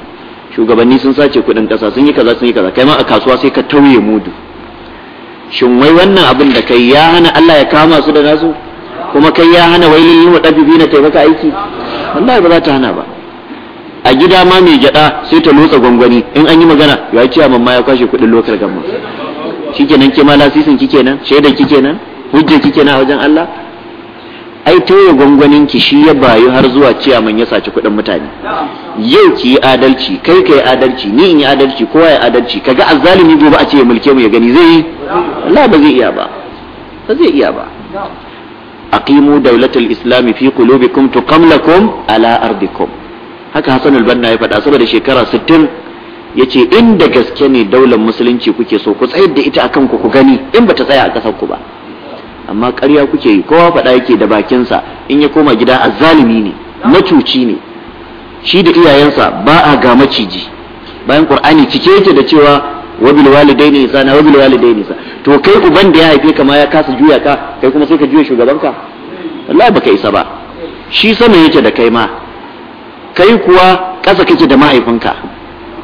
shugabanni sun sace kudin kasa sun yi kaza sun yi kaza kai ma a kasuwa sai ka tauye mudu shin wai wannan abin da kai ya hana Allah ya kama su da nasu kuma kai ya hana wailin yi wa na taimaka aiki wallahi ba za ta hana ba a gida ma mai gyada sai ta lotsa gwangwani in an yi magana ya ce amma ya kwashe kuɗin lokar gamma kenan ke ma lasisin kike nan shaidan kike nan hujja kike nan a wajen Allah ai toye gwangwanin ki shi ya bayu har zuwa ciyaman ya saci kuɗin mutane yau ki yi adalci kai ka yi adalci ni in yi adalci kowa ya adalci kaga azzalimi gobe a ce ya mulke mu ya gani zai yi Allah ba zai iya ba ba zai iya ba aqimu dawlatal islam fi qulubikum tuqamlakum ala ardikum haka hasan al-Banna ya faɗa saboda shekara 60 yace inda gaske ne daular musulunci kuke so ku tsayar da ita akan ku ku gani in bata tsaya a kasar ku ba amma ƙarya kuke yi kowa faɗa yake da bakinsa in ya koma gida azzalimi ne macuci ne shi da iyayensa ba a ga maciji bayan qur'ani cike yake da cewa wabil walidaini ihsana wabil walidaini sana to kai uban da ya haife ka ma ya kasa juya ka kai kuma sai ka juya shugabanka wallahi baka isa ba shi sama yake da kai ma kai kuwa kasa kake da mahaifinka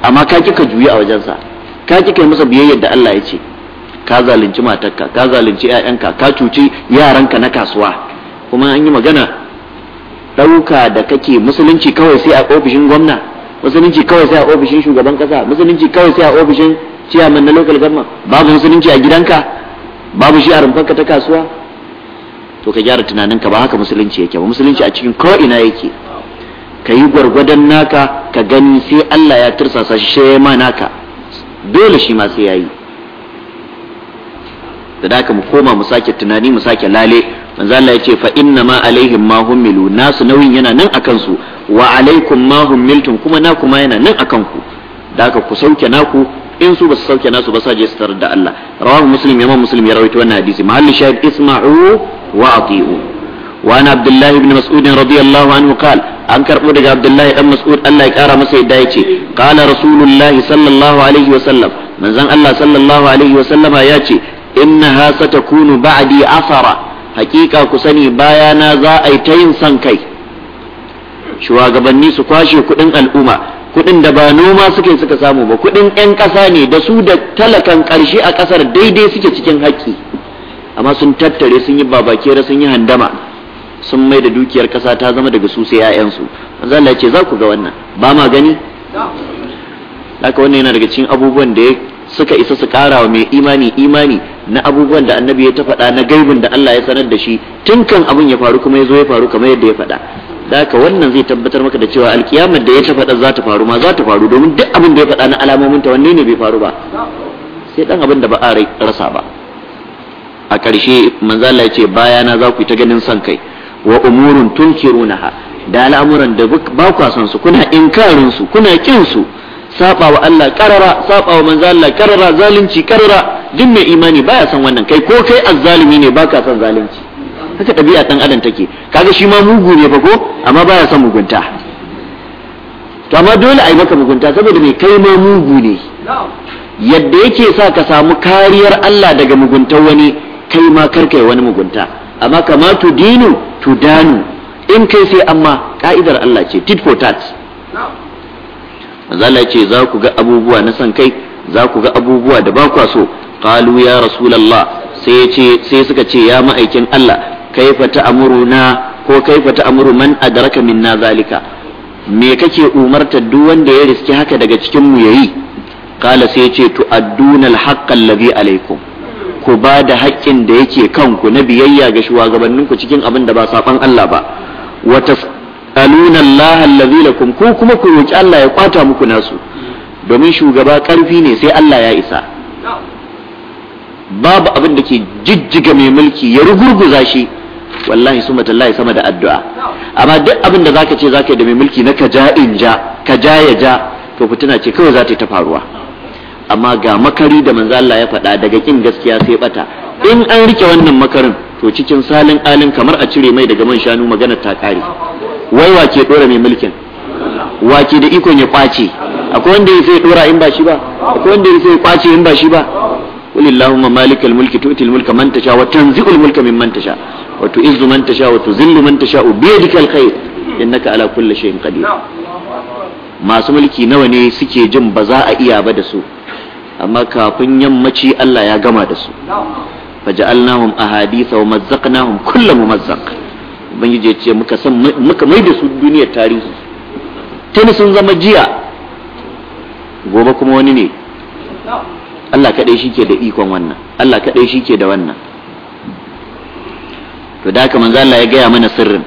amma ka kika juya a wajensa ka kika yi masa biyayyar da Allah ya ce ka zalunci matarka ka zalunci ƴaƴanka ka cuci yaranka na kasuwa kuma an yi magana ɗauka da kake musulunci kawai sai a ofishin gwamna musulunci kawai sai a ofishin shugaban ƙasa musulunci kawai sai a ofishin ciyaman na local government babu musulunci a gidanka babu shi a rumfanka ta kasuwa to ka gyara tunaninka ba haka musulunci yake ba musulunci a cikin ko ina yake ka yi gwargwadon naka ka gani sai Allah ya tursasa shi sai ma naka dole shi ma sai yayi da daka mu koma mu sake tunani mu sake lale manzo Allah ce fa inna ma alaihim ma milu nasu nauyin yana nan akan su wa alaikum ma miltum kuma na kuma yana nan akan ku da ku sauke naku in su ba sauke nasu ba su je su tarar da Allah rawahu muslim yamma muslim ya rawaito wannan hadisi mahalli shahid isma'u wa ati'u wa ana abdullahi ibn mas'ud radiyallahu anhu qala an karbo daga abdullahi dan mas'ud Allah ya kara masa yadda yace qala rasulullahi sallallahu alaihi wa sallam manzon Allah sallallahu alaihi wa sallama yace innaha satakunu ba'di asara hakika ku sani bayana za a yi ta yin san kai shugabanni su kwashe kuɗin al'umma kuɗin da ba noma suke suka samu ba kuɗin 'yan ƙasa ne da su da talakan ƙarshe a ƙasar daidai suke cikin haƙƙi amma sun tattare sun yi babakera sun yi handama sun mai da dukiyar ƙasa ta zama daga su sai 'ya'yansu manzo Allah ce za ku ga wannan ba ma gani haka wannan yana daga cikin abubuwan da suka isa su kara wa mai imani imani na abubuwan da annabi ya ta faɗa na gaibin da Allah ya sanar da shi tun kan abin ya faru kuma ya zo ya faru kamar yadda ya faɗa haka wannan zai tabbatar maka da cewa alkiyamar da ya ta faɗa za ta faru ma za ta faru domin duk abin da ya faɗa na alamomin ta wanne ne bai faru ba sai dan abin da ba a rasa ba a ƙarshe manzo Allah ya ce bayana za ku yi ta ganin son kai wa umurun tunkirunaha da al'amuran da ba ku son su kuna inkarin su kuna kin su saba wa Allah karara saba wa manzo Allah karara zalunci karara duk mai imani baya san wannan kai ko kai azzalimi ne baka san zalunci haka ɗabi'a ɗan adam take kaga shi ma mugu ne fa ko amma baya son mugunta to amma dole a yi maka mugunta saboda mai kai ma mugu ne yadda yake sa ka samu kariyar Allah daga muguntar wani kai ma karkai wani mugunta amma kama tu dinu tu danu in kai sai amma ka'idar Allah ce tit for tat manzo ce za ku ga abubuwa na san kai za ku ga abubuwa da ba kwa so qalu ya rasulullah sai ce sai suka ce ya ma'aikin Allah kaifa ta'muruna ko kaifa ta'muru man adraka minna zalika me kake umartar duk wanda ya riski haka daga cikin mu yayi kala sai ce tu adduna alhaqqa alladhi alaikum ku ba da haƙƙin da yake kanku na biyayya ga ku cikin abin da ba saban Allah ba wa tas'aluna Allah alladhi lakum ku kuma ku roki Allah ya kwata muku nasu domin shugaba karfi ne sai Allah ya isa babu abin da ke jijjiga mai mulki ya rugurguza shi wallahi su matallahi sama da addu'a amma duk abin da zaka ce zaka yi da mai mulki na ka ja ja ka ja ya ja to fitina ce kawai za ta yi ta faruwa amma ga makari da manzo Allah ya faɗa daga kin gaskiya sai bata in an rike wannan makarin to cikin salin alin kamar a cire mai daga man shanu maganar ta kare wai ke dora mai mulkin ke da ikon ya kwace akwai wanda ya sai dora in ba shi ba akwai wanda ya sai kwace in ba shi ba qul allahumma malikal mulki tu'til mulka man tasha wa tanzi'ul mulka mimman tasha wa tu'izzu man tasha wa tuzillu man tasha bi yadikal khair innaka ala kulli shay'in masu mulki nawa ne suke jin ba za a iya ba da su amma kafin yammaci Allah ya gama da su faja'alnahum ahaditha wa ya ce muka san muka mai da su duniyar tarihi tani sun zama jiya gobe kuma wani ne Allah kaɗai shi ke da ikon wannan Allah kaɗai shi ke da wannan to da haka manzo Allah ya gaya mana sirrin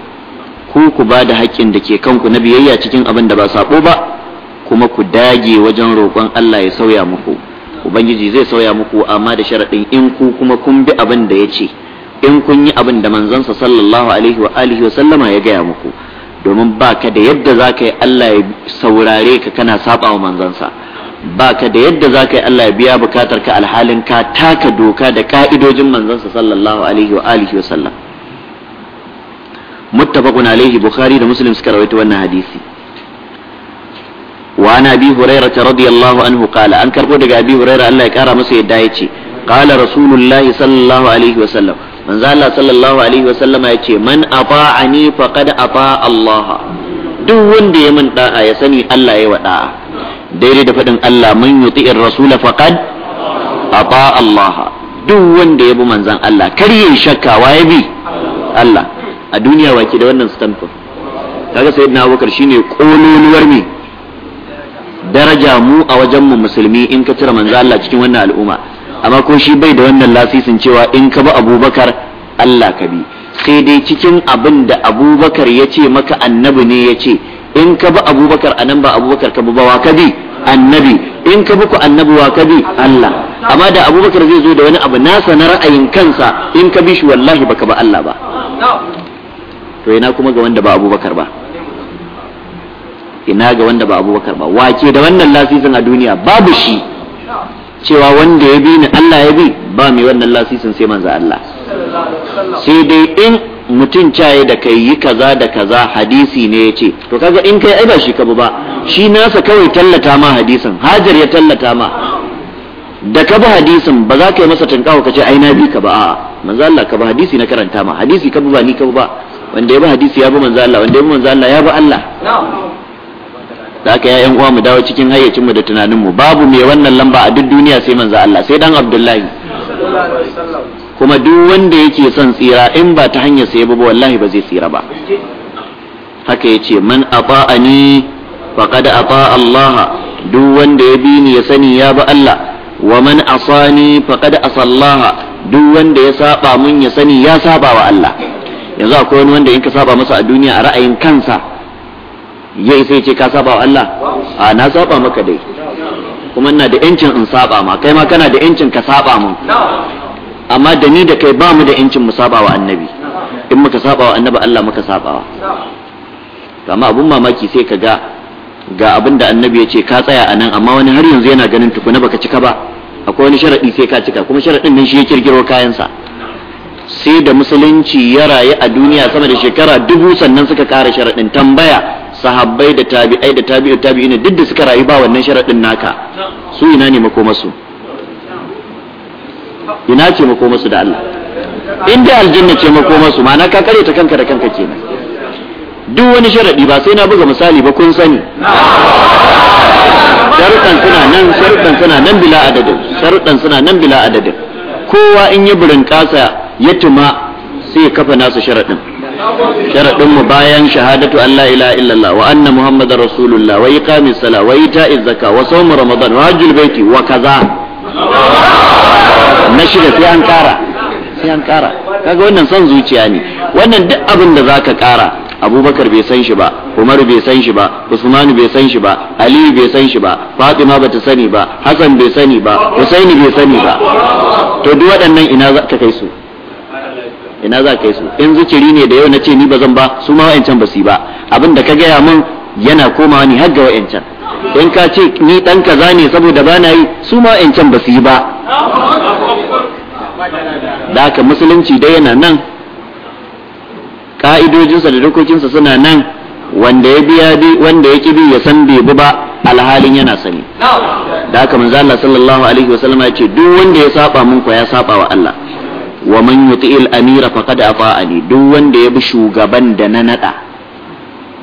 ku ku ba da haƙƙin da ke kanku na biyayya cikin abin da ba saɓo ba kuma ku dage wajen roƙon Allah ya sauya muku ubangiji zai sauya muku amma da sharaɗin in ku kuma kun bi abin da ya ce in kun yi abin da manzansa sallallahu alaihi wa alihi wa sallama ya gaya muku domin ba ka da yadda za ka yi Allah ya saurare ka kana saɓa wa manzansa baka da yadda za ka yi Allah ya biya bukatar ka alhalin ka taka doka da ka'idojin manzansa sallallahu alaihi wa alihi wa sallam muttafaqun alaihi bukhari da muslim suka rawaito wannan hadisi wa ana bi hurairah radiyallahu anhu qala an karbo daga abi hurairah Allah ya kara masa yadda yace qala rasulullahi sallallahu alaihi wa sallam manzo Allah sallallahu alaihi wa sallam ya ce man ata'ani faqad ata Allah duk wanda ya min da'a ya sani Allah ya wa daidai da faɗin Allah mun man rasu rasula a ba Allah duk wanda ya bi manzan Allah kar yin shakka ya bi Allah a duniya wake da wannan ga kaga na Abubakar shine kololuwar ne. daraja mu a wajen mu musulmi in ka cire manzan Allah cikin wannan al'umma amma ko shi bai da wannan lasisin cewa in ka bi Abubakar Allah ka bi sai dai cikin abin da Abubakar ya ce maka annabi ne ya ce in ka bi abubakar a nan ba abubakar ka bi ba wa ka annabi in ka bi ku annabi wa ka Allah amma da abubakar zai zo da wani abu nasa na ra'ayin kansa in ka bi shi wallahi baka ba Allah ba to ina kuma ga wanda ba abubakar ba ina ga wanda ba abubakar ba wake da wannan lasisin a duniya babu shi cewa wanda ya bi ni Allah ya bi ba mai wannan lasisin sai manzo Allah sai dai in mutum caye da kai yi kaza da kaza hadisi ne ya ce to kaga in kai ai ba shi kabu ba shi nasa kawai tallata ma hadisin hajar ya tallata ma da ka bi hadisin ba za ka yi masa tunkawa ka ce ai na bi ka ba a'a manzo Allah ka bi hadisi na karanta ma hadisi ka bi ba ni ka ba wanda ya bi hadisi ya bi manzo Allah wanda ya bi manzo Allah ya bi Allah da aka yayan uwa mu dawo cikin hayyacin mu da tunanin mu babu me wannan lamba a duk duniya sai manzo Allah sai dan Abdullahi kuma duk wanda yake son tsira in ba ta hanyar sai ba wallahi ba zai tsira ba haka yace man ata'ani faqad ata Allah duk wanda ya bi ni ya sani ya bi Allah wa man asani faqad asallaha duk wanda ya saba mun ya sani ya saba wa Allah yanzu akwai wani wanda in ka saba masa a duniya a ra'ayin kansa yayi sai ce ka saba wa Allah a na saba maka dai kuma ina da yancin in saba ma kai ma kana da yancin ka saba mun amma da ni da kai ba mu da yancin mu saba wa annabi in muka saba wa annabi Allah muka saba wa to amma abun mamaki sai ka ga ga abin da annabi ya ce ka tsaya a nan amma wani har yanzu yana ganin tukuna baka cika ba akwai wani sharaɗi sai ka cika kuma sharaɗin nan shi ya kirkiro kayansa sai da musulunci ya rayu a duniya sama da shekara dubu sannan suka kara sharaɗin tambaya sahabbai da tabi'ai da tabi'u tabi'ina duk da suka rayu ba wannan sharaɗin naka su ina ne makomarsu su ina ce mako masu da Allah in dai aljanna ce mako masu ma'ana ka kare ta kanka da kanka kenan duk wani sharaɗi ba sai na buga misali ba kun sani sharuɗan suna nan sharuɗan suna nan bila adadin sharuɗan suna nan bila adadin kowa in yi burin kasa ya tuma sai ya kafa nasu sharaɗin sharaɗin mu bayan shahadatu an la ilaha illallah wa anna muhammadar rasulullah wa iqamis sala wa ita'iz zakka wa sawm ramadan wa hajjul baiti wa kaza na shida sai an kara sai an kara kaga wannan son zuciya ne wannan duk abin da zaka kara abubakar bai san shi ba Umar bai san shi ba usmanu bai san shi ba aliyu bai san shi ba fatima ta sani ba hasan bai sani ba husaini bai sani ba to duk waɗannan ina za ka kai su ina za ka kai su in zikiri ne da yau na ce ni ba zan ba su ma wa'ancan ba su ba abin da ka gaya min yana komawa ni har ga wa'ancan in ka ce ni dan kaza ne saboda ba na yi su ma wa'ancan ba su yi ba da haka musulunci dai yana nan ka'idojinsa da dokokinsa suna nan wanda ya biya bi wanda ya kibi ya san bai bi ba alhalin yana sani da haka manzo Allah sallallahu alaihi wasallam ya ce duk wanda ya saba mun ko ya saba wa Allah wa man yuti'il amira faqad ata'ani duk wanda ya bi shugaban da na nada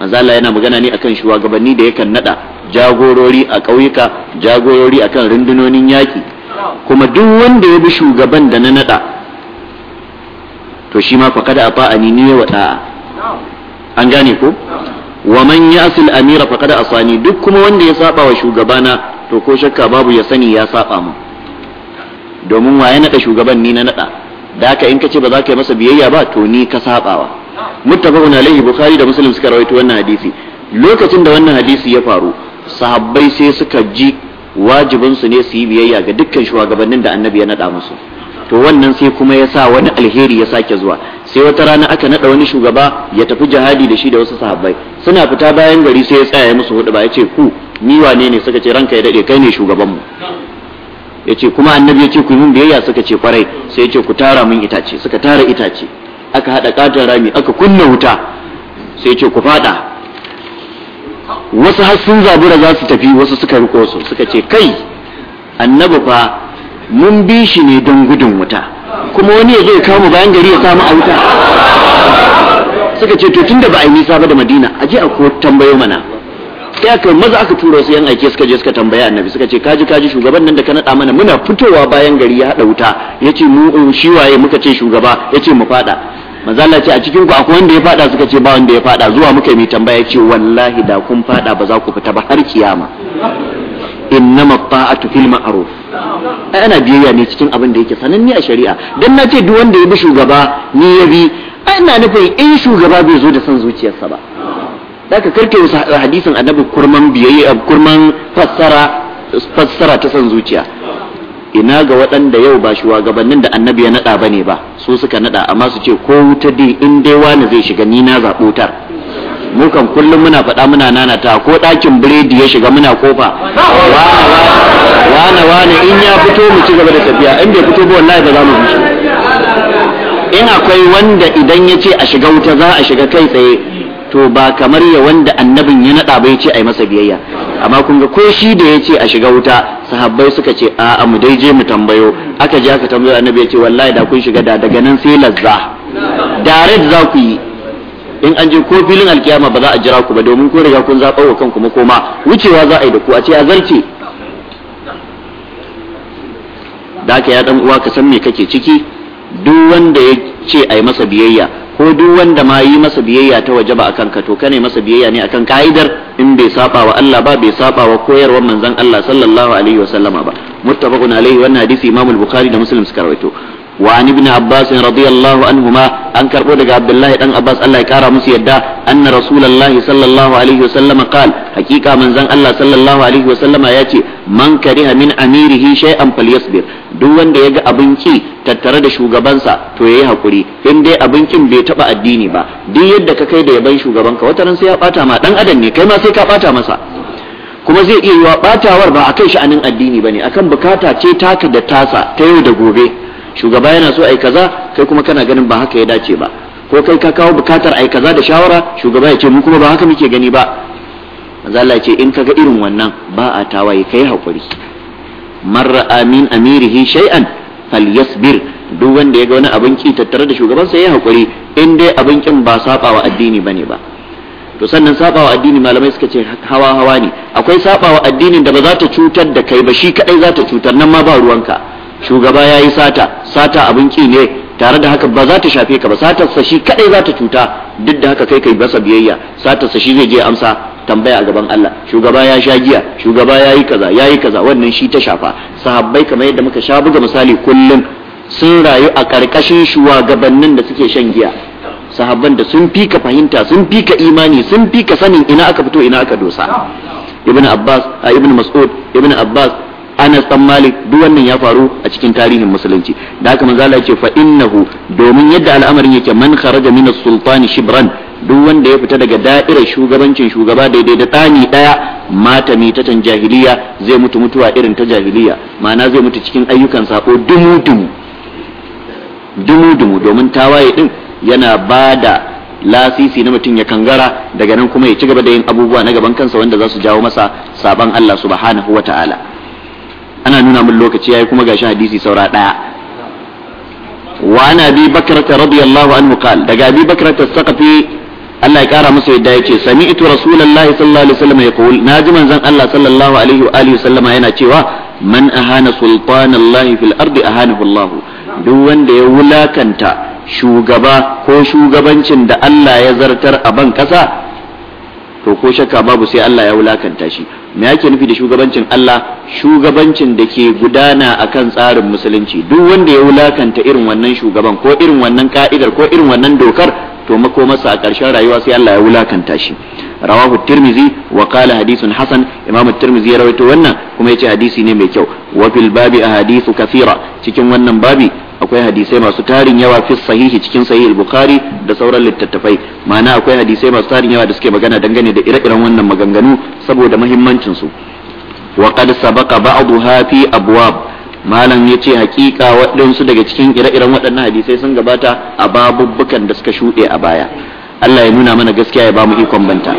manzo Allah yana magana ne akan shugabanni da yakan nada jagorori a ƙauyuka jagorori akan rundunonin yaki kuma duk wanda ya bi shugaban da na nada to shi ma faqad afa ani ne wa an gane ko wa man ya'sil amira faqad asani duk kuma wanda ya saba wa shugabana to ko shakka babu ya sani ya saba mu domin wa ya nada shugaban ni na nada da haka in kace ba za ka yi masa biyayya ba to ni ka sabawa muttafaqun alaihi bukhari da muslim suka rawaito wannan hadisi lokacin da wannan hadisi ya faru sahabbai sai suka ji wajibinsu ne su yi biyayya ga dukkan shugabannin da annabi ya nada musu to wannan sai kuma ya sa wani alheri ya sake zuwa sai wata rana aka naɗa wani shugaba ya tafi jihadi da shi da wasu sahabbai suna fita bayan gari sai ya tsaya musu hudu ba ya ce ku ni wane ne suka ce ranka ya daɗe kai ne shugabanmu ya ce kuma annabi ya ce ku yi biyayya suka ce kwarai sai ya ce ku tara min itace suka tara itace aka haɗa katon rami aka kunna wuta sai ya ce ku faɗa wasu har sun zabura za su tafi wasu suka riko su suka ce kai annabi fa mun bi shi ne don gudun wuta kuma wani ya zai kamu bayan gari ya samu a wuta suka ce to tun ba a yi nisa ba da madina a je a tambayo mana sai aka maza aka tura su yan aike suka je suka tambaya annabi suka ce kaji kaji shugaban nan da ka naɗa mana muna fitowa bayan gari ya haɗa wuta ya ce mu um, shi waye muka ce shugaba ya ce mu faɗa mazala ce a cikin ku akwai wanda ya faɗa suka ce ba wanda ya fada zuwa muka yi tambaya ce wallahi da kun faɗa ba za ku fita ba har kiyama innama ta'atu fil ma'ruf ana biyayya ne cikin abin da yake sananni a shari'a dan na ce duk wanda ya bi shugaba ni ya bi ina nufin in shugaba bai zo da son zuciyarsa ba daga karke wasu hadisin annabi kurman biyayya eh, kurman fassara fassara ta son zuciya ina ga waɗanda yau ba shi shugabannin da annabi ya naɗa bane ba su suka naɗa amma su ce ko wuta dai in dai wani zai shiga ni na zaɓotar Mukan kan kullum muna faɗa muna nanata ko ɗakin biredi ya shiga muna kofa wane wane in ya fito mu ci gaba da tafiya in bai fito ba wallahi ba za mu bi in akwai wanda idan ya ce a shiga wuta za a shiga kai tsaye to ba kamar ya wanda annabin ya naɗa ba ya ce a yi masa biyayya amma kun ga ko shi da ya ce a shiga wuta sahabbai suka ce a mu dai je mu tambayo aka je aka tambayo annabi ya ce wallahi da kun shiga da daga nan sai lazza direct za ku yi in an je ko filin alkiyama ba za a jira ku ba domin ko riga kun zaɓa wa kanku makoma wucewa za a yi da ku a ce azalce da aka ya dan uwa ka san me kake ciki duk wanda ya ce a yi masa biyayya ko duk wanda ma yi masa biyayya ta waje ba a kanka to kane masa biyayya ne akan ka'idar in bai saba wa Allah ba bai saba wa koyarwar manzon Allah sallallahu alaihi Wasallama ba muttafaqun alaihi wannan hadisi Imamul bukhari da Muslim suka rawaito وعن ابن عباس رضي الله عنهما أن كربو دغ عبد الله دان عباس الله يكارا مس يدا أن رسول الله صلى الله عليه وسلم قال حقيقة من زن الله صلى الله عليه وسلم ياتي من كره من أميره شيئا فليصبر duk wanda ya ga abinci tattare da shugabansa to yayi hakuri in dai abincin bai taba addini ba duk yadda ka kai da ban shugabanka wata ran sai ya bata ma dan adam ne kai ma sai ka bata masa kuma zai iya yiwa batawar ba a akan sha'anin addini bane akan bukata ce taka da tasa ta yau da gobe shugaba yana so ai kaza kai kuma kana ganin ba haka ya dace ba ko kai ka kawo bukatar ai kaza da shawara shugaba ya ce mu kuma ba haka muke gani ba manzo Allah ya ce in kaga irin wannan ba a tawaye kai hakuri marra amin amirihi shay'an falyasbir duk wanda ya ga wani abin ki tattare da sa ya hakuri in dai abin kin ba sabawa addini bane ba to sannan sabawa addini malamai suka ce hawa hawa ne akwai sabawa addinin da ba za ta cutar da kai ba shi kadai za ta cutar nan ma ba ruwanka shugaba ya yi sata sata abin ki ne tare da haka ba za ta shafe ka ba satar sa shi kadai za ta cuta duk da haka kai kai basa biyayya satar sa shi zai je amsa tambaya a gaban Allah shugaba ya sha giya shugaba ya yi kaza ya yi kaza wannan shi ta shafa sahabbai kamar yadda muka sha buga misali kullum sun rayu a karkashin shugabannin da suke shan giya sahabban da sun fi ka fahimta sun fi ka imani sun fi ka sanin ina aka fito ina aka dosa ibn abbas a ibn mas'ud ibn abbas Anas dan Malik duk wannan ya faru a cikin tarihin musulunci da haka manzo Allah ya ce fa innahu domin yadda al'amarin yake man kharaja min as-sultan shibran duk wanda ya fita daga da'irar shugabancin shugaba daidai da tsani daya mata mitatan jahiliya zai mutu mutuwa irin ta jahiliya ma'ana zai mutu cikin ayyukan sako dumu dumu dumu dumu domin tawaye din yana bada lasisi na mutum ya kangara daga nan kuma ya ci gaba da yin abubuwa na gaban kansa wanda za su jawo masa saban Allah subhanahu wa ana nuna min lokaci yayi kuma gashi hadisi saura daya wa ana bi bakrata radiyallahu anhu qal daga bi bakrata saqafi Allah ya kara masa yadda yace sami'tu rasulullahi sallallahu alaihi wasallam yaqul naji manzon Allah sallallahu alaihi wa alihi wasallama yana cewa man ahana sultanallahi fil ardi ahanahu Allah duk wanda ya wulakanta shugaba ko shugabancin da Allah ya zartar a ban kasa to ko shakka babu sai Allah ya wulakanta shi me yake nufi da shugabancin Allah shugabancin da ke gudana akan tsarin musulunci duk wanda ya wulakanta irin wannan shugaban ko irin wannan ka'idar ko irin wannan dokar to makomarsa a ƙarshen rayuwa sai Allah ya wulakanta shi rawahu tirmizi wa qala Hassan, imamu tirmizi ya rawaito wannan kuma yace hadisi ne mai kyau wa fil babi cikin wannan babi akwai hadisai masu tarin yawa fi sahihi cikin sahih bukhari da sauran littattafai ma'ana akwai hadisai masu tarin yawa da suke magana dangane da ire-iren wannan maganganu saboda muhimmancin su wa qad sabaqa ba'daha fi abwab malam ya ce hakika waɗansu daga cikin ire-iren waɗannan hadisai sun gabata a babubbukan da suka shuɗe a baya Allah ya nuna mana gaskiya ya bamu ikon banta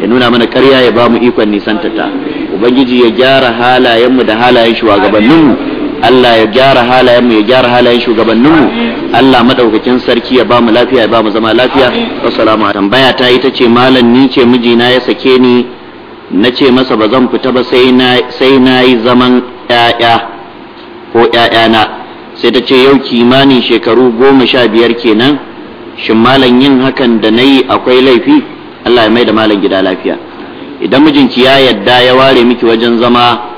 ya nuna mana karya ya bamu ikon nisantata ubangiji ya gyara halayenmu da halayen shugabanninmu Allah ya gyara halayen ya gyara halayen shugabanninmu. Allah madaukakin sarki ya bamu mu lafiya ya ba zama lafiya assalamu tambaya ta ita ce malam ni ce mijina ya sake ni na ce masa ba zan fita ba sai na sai na yi zaman yaya ko yaya na. sai ta ce yau kimanin shekaru goma sha biyar kenan shin malam yin hakan da na yi akwai laifi Allah ya mai da malam gida lafiya idan mijinki ya yarda ya ware miki wajen zama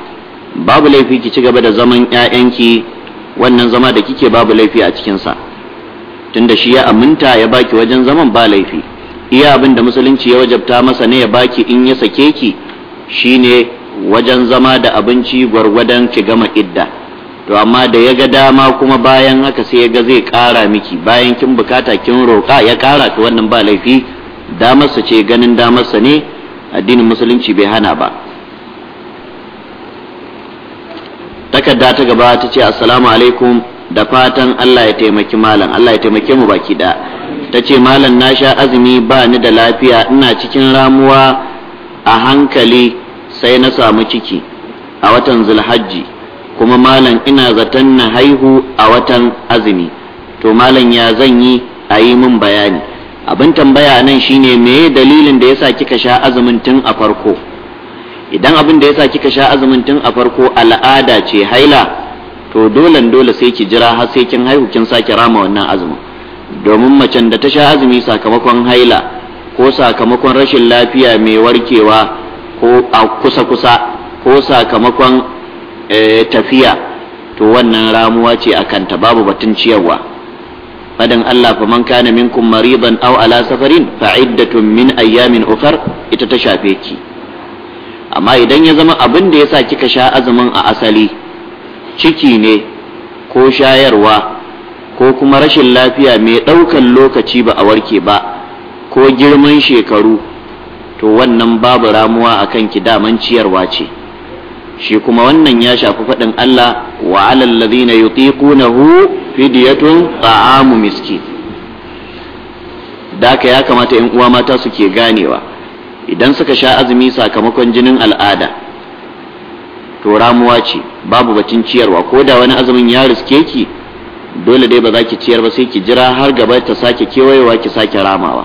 babu laifi ki ci gaba da zaman ƴaƴanki wannan zama da kike babu laifi a cikinsa tunda shi ya aminta ya baki wajen zaman ba laifi iya abin da musulunci ya wajabta masa ne ya baki in ya sake ki shine wajen zama da abinci gwargwadon ki gama idda to amma da ya ga dama kuma bayan haka sai ya ga zai ƙara miki bayan kin bukata kin roƙa ya ƙara ki wannan ba laifi damarsa ce ganin damarsa ne addinin musulunci bai hana ba takarda ta gaba ta ce assalamu alaikum da fatan Allah ya taimaki malam Allah ya taimake mu baki da ta ce malam na sha azumi ba ni da lafiya ina cikin ramuwa a hankali sai na samu ciki a watan zulhajji kuma malam ina zaton na haihu a watan azumi to malam ya zan yi a yi min bayani abin tambaya nan shine me dalilin da yasa kika sha azumin tun a farko idan abin da yasa kika sha azumin tun a farko al'ada ce haila to dole dole sai ki jira har sai kin haihu kin sake rama wannan azumin domin macen da ta sha azumi sakamakon haila ko sakamakon rashin lafiya mai warkewa ko a kusa kusa ko sakamakon eh, tafiya to wannan ramuwa ce a kanta babu batun ciyarwa fadin Allah fa man kana minkum maridan aw ala safarin fa iddatun min ayyamin ukhar ita ta shafe ki amma idan ya zama abin da ya sa kika sha azumin a asali ciki ne ko shayarwa ko kuma rashin lafiya mai ɗaukan lokaci ba a warke ba ko girman shekaru to wannan babu ramuwa a kanki daman ciyarwa ce shi kuma wannan ya shafi faɗin Allah wa alal ladhina yutiqunahu fidyatun ta'amu miskin da ka ya kamata in uwa mata suke ganewa idan suka sha azumi sakamakon jinin al'ada to ramuwa ce babu bacin ciyarwa ko da wani azumin ya riske ki dole dai ba za ki ciyar ba sai ki jira har gaba ta sake kewayewa ki sake ramawa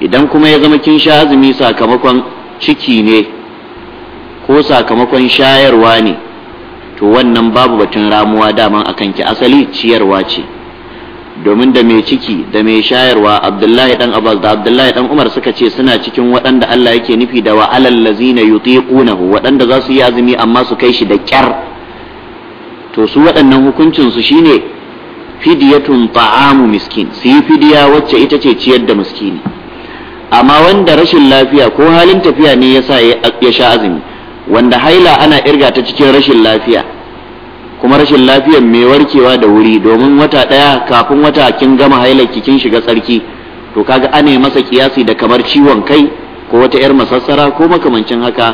idan kuma ya zama kin sha azumi sakamakon ciki ne ko sakamakon shayarwa ne to wannan babu batun ramuwa daman akan ki asali ciyarwa ce domin da mai ciki da mai shayarwa abdullahi dan abbas da abdullahi dan umar suka ce suna cikin waɗanda allah yake nufi da wa alal lazina yutiqunahu waɗanda za su yi azumi amma su kai shi da kyar to su waɗannan hukuncin su shine fidiyatun ta'amu miskin su yi fidiya wacce ita ce ciyar da miskini amma wanda rashin lafiya ko halin tafiya ne yasa ya sha azumi wanda haila ana irga ta cikin rashin lafiya kuma rashin lafiyar mai warkewa da wuri domin wata ɗaya kafin wata kin gama hailarki kin shiga tsarki to kaga ane masa kiyasi da kamar ciwon kai ko wata 'yar masassara ko makamancin haka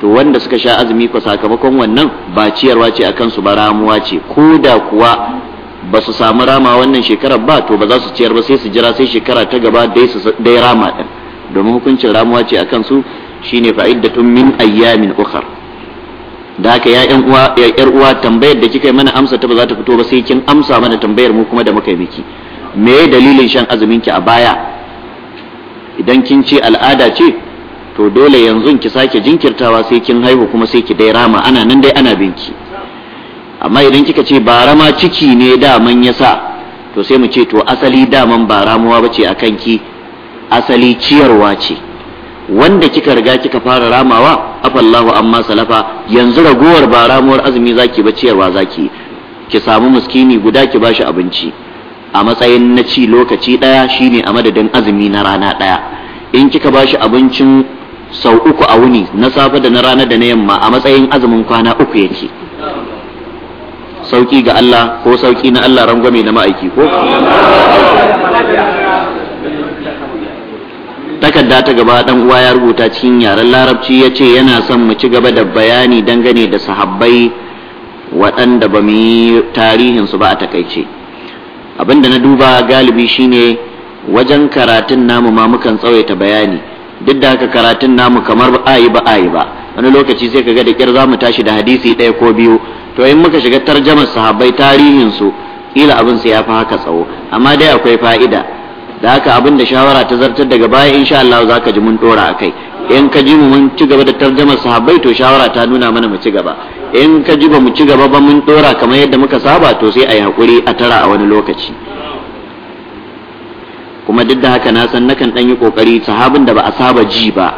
to wanda suka sha azumi ko sakamakon wannan ba ciyarwa ce a kansu ba ramuwa ce ko da kuwa ba su samu rama wannan shekarar ba to ba za su ciyar ba sai su jira sai shekara ta gaba dai rama ɗin domin hukuncin ramuwa ce a kansu shine fa'iddatun min ayyamin ukhra da haka ya yan uwa ya yar uwa tambayar da kika yi mana amsa ta ba za ta fito ba sai kin amsa mana tambayar mu kuma da muka yi miki me dalilin shan azumin ki a baya idan kin ce al'ada ce to dole yanzu ki sake jinkirtawa sai kin haihu kuma sai ki dai rama ana nan dai ana binki amma idan kika ce ba rama ciki ne daman yasa to sai mu ce to asali daman ba ramuwa bace akan ki asali ciyarwa ce wanda kika riga kika fara ramawa afallahu amma salafa yanzu ragowar ba ramuwar azumi zaki ba ciyarwa zaki ki samu muskini guda ki bashi abinci a matsayin na ci lokaci daya shine a madadin azumi na rana daya in kika bashi abincin sau uku a wuni na safe da na rana da na yamma a matsayin azumin kwana uku yake sauki ga Allah ko sauki na Allah rangwame na ma'aiki ko takarda ta gaba dan uwa ya rubuta cikin yaren larabci ya ce yana son mu ci gaba da bayani dangane da sahabbai waɗanda ba mu yi tarihinsu ba a takaice abinda na duba galibi shine wajen karatun namu ma mukan tsawaita bayani duk da haka karatun namu kamar ba a yi ba a yi ba wani lokaci sai ka ga da kyar za mu tashi da hadisi ɗaya ko biyu to in muka shiga tarjamar sahabbai tarihinsu kila abin su ya fi haka tsawo amma dai akwai fa'ida da haka abin da shawara ta zartar daga baya insha Allah za ka ji mun dora akai. kai in ka ji mun ci gaba da tarjamar sahabbai to shawara ta nuna mana mu ci gaba in ka ji ba mu ci gaba ba mun dora kamar yadda muka saba to sai a yi a tara a wani lokaci kuma duk da haka na san nakan dan yi kokari sahabin da ba a saba ji ba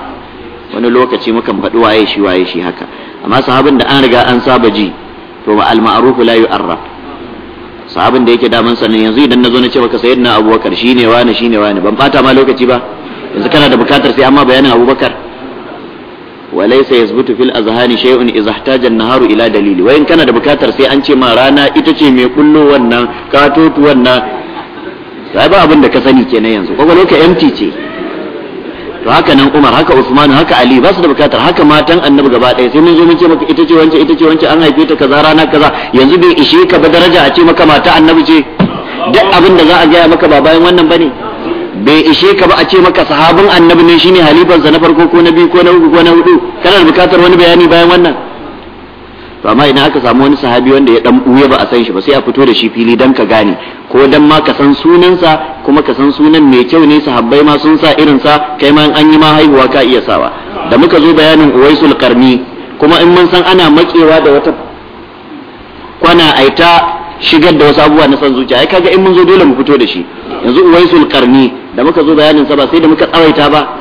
wani lokaci mukan faɗi waye shi waye shi haka amma sahabin da an riga an saba ji to ba al-ma'ruf la yu'arraf sahabin da yake daman sannan yanzu idan nazo na ce maka sayyidina abubakar shine wani shine wani ban fata ma lokaci ba yanzu kana da bukatar sai amma bayanin abubakar walaysa yasbutu fil azhani shay'un idza ihtaja an-naharu ila dalili wayin kana da bukatar sai an ce ma rana ita ce mai kullo wannan katotu wannan sai ba abin da ka sani kenan yanzu ka empty ce to haka nan Umar haka Usman haka Ali ba su da bukatar haka matan Annabi gaba ɗaya sai mun zo mun ce maka ita ce wance ita ce wance an haife ta kaza rana kaza yanzu bai ishe ka ba daraja a ce maka mata Annabi ce duk abin da za a gaya maka ba bayan wannan bane bai ishe ka ba a ce maka sahabin Annabi ne shine halifansa na farko ko na biyu ko na uku ko na hudu kana da bukatar wani bayani bayan wannan to amma idan aka samu wani sahabi wanda ya dan buya ba a san shi ba sai a fito da shi fili dan ka gane ko dan ma ka san sunansa kuma ka san sunan mai kyau ne sahabbai ma sun sa irin sa kai ma an yi ma haihuwa ka iya sawa da muka zo bayanin uwaisul qarni kuma in mun san ana makewa da wata kwana aita shigar da wasu abubuwa na san zuciya ai kaga in mun zo dole mu fito da shi yanzu uwaisul qarni da muka zo bayanin sa ba sai da muka tsawaita ba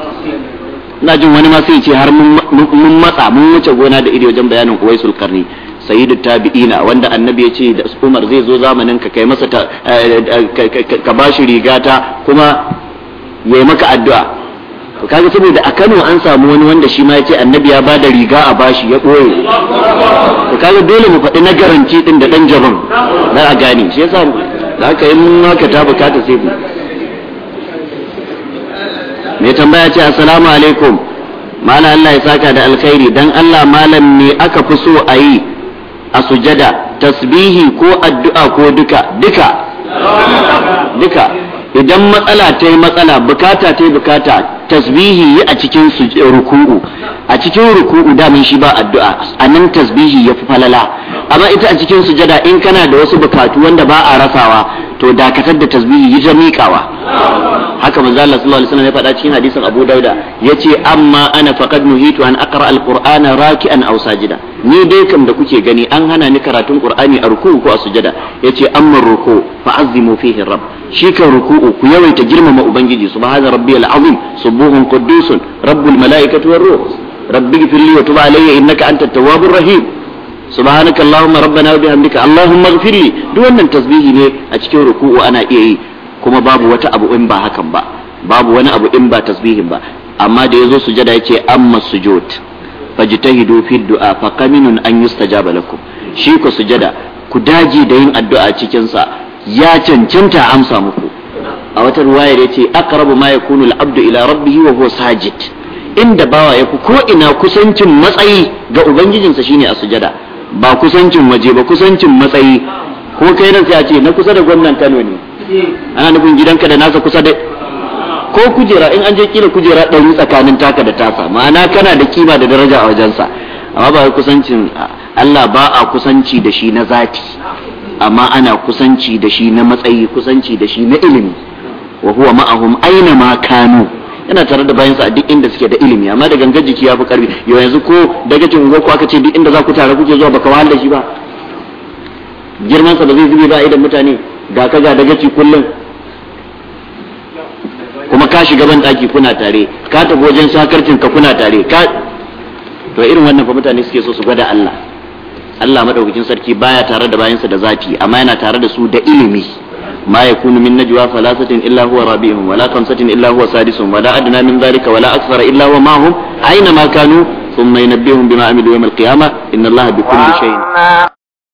na jin wani ma sai ce har mun matsa mun wuce gona da iri wajen bayanin uwaisul sulkarni sayidu tabi'ina wanda annabi ya ce da umar zai zo zamanin ka kai masa eh, eh, ka bashi rigata kuma ya yi maka addu'a to kaga saboda a Kano an samu wani wanda shi ma ya ce annabi ya ba da riga a bashi ya ɓoye to kaga dole mu faɗi na garanti din da ɗan jaban na a gane shi yasa da ka yi mun haka ta bukata sai mai tambaya ce assalamu alaikum mala Allah ya saka da alkhairi dan Allah malam me aka fi so a yi a sujada tasbihi ko addu'a ko duka duka duka idan matsala ta yi matsala bukata ta yi bukata tasbihi yi a cikin ruku'u a cikin ruku'u damin shi ba addu'a anan tasbihi ya fi falala amma ita a cikin sujada in kana da wasu bukatu wanda ba a rasawa to dakatar da tasbihi yi ta miƙawa haka manzo Allah sallallahu alaihi wasallam ya faɗa cikin hadisin Abu Dauda yace amma ana faqad nuhitu an aqra alqur'ana raki'an aw sajida ni dai kam da kuke gani an hana ni karatun qur'ani a ruku'u ko a sujada yace amma ruku fa azimu fihi rabb shi kan ruku'u ku yawaita girmama ubangiji subhana rabbiyal azim subuhun quddusun rabbul malaikati war ruh rabbi ighfirli wa tub alayya innaka antat tawwabur rahim subhanaka allahumma rabbana wa bihamdika allahumma ighfirli duk wannan tasbihi ne a cikin ruku'u ana iya yi kuma babu wata abu in ba hakan ba babu wani abu in ba tasbihin ba amma da yazo sujada yace amma sujud fajtahidu fi du'a fa kaminun an yustajaba lakum shi ku sujada ku daji da yin addu'a cikin sa ya cancanta amsa muku a wata da yace aqrabu ma yakunu al-abdu ila rabbih wa huwa sajid inda bawa yafi ko ina kusancin matsayi ga ubangijinsa shine a sujada ba kusancin waje ba kusancin matsayi ko kai nan sai a ce na kusa da gwamnan Kano ne ana nufin gidanka da nasa kusa da ko kujera in an je kila kujera ɗari tsakanin taka da tasa ma'ana kana da kima da daraja a wajensa amma ba kusancin Allah ba a kusanci da shi na zati amma ana kusanci da shi na matsayi kusanci da shi na ilimi wa huwa ma'ahum aina ma kanu yana tare da bayansa a duk inda suke da ilimi amma da gangar jiki ya fi karfi yanzu ko daga cikin ko aka ce duk inda za ku tare kuke zuwa baka wahala shi ba girmansa ba zai zube ba idan mutane ga ka ga dagaci kullum kuma ka shiga ban daki kuna tare ka tafi wajen sakarcin ka kuna tare ka to irin wannan fa mutane suke so su gwada Allah Allah madaukakin sarki baya tare da bayansa da zati amma yana tare da su da ilimi ما يكون من نجوى ثلاثة إلا هو رابعهم ولا خمسة إلا هو سادسهم ولا أدنى من ذلك ولا أكثر إلا هو معهم أينما كانوا ثم ينبئهم بما عملوا يوم القيامة إن الله بكل شيء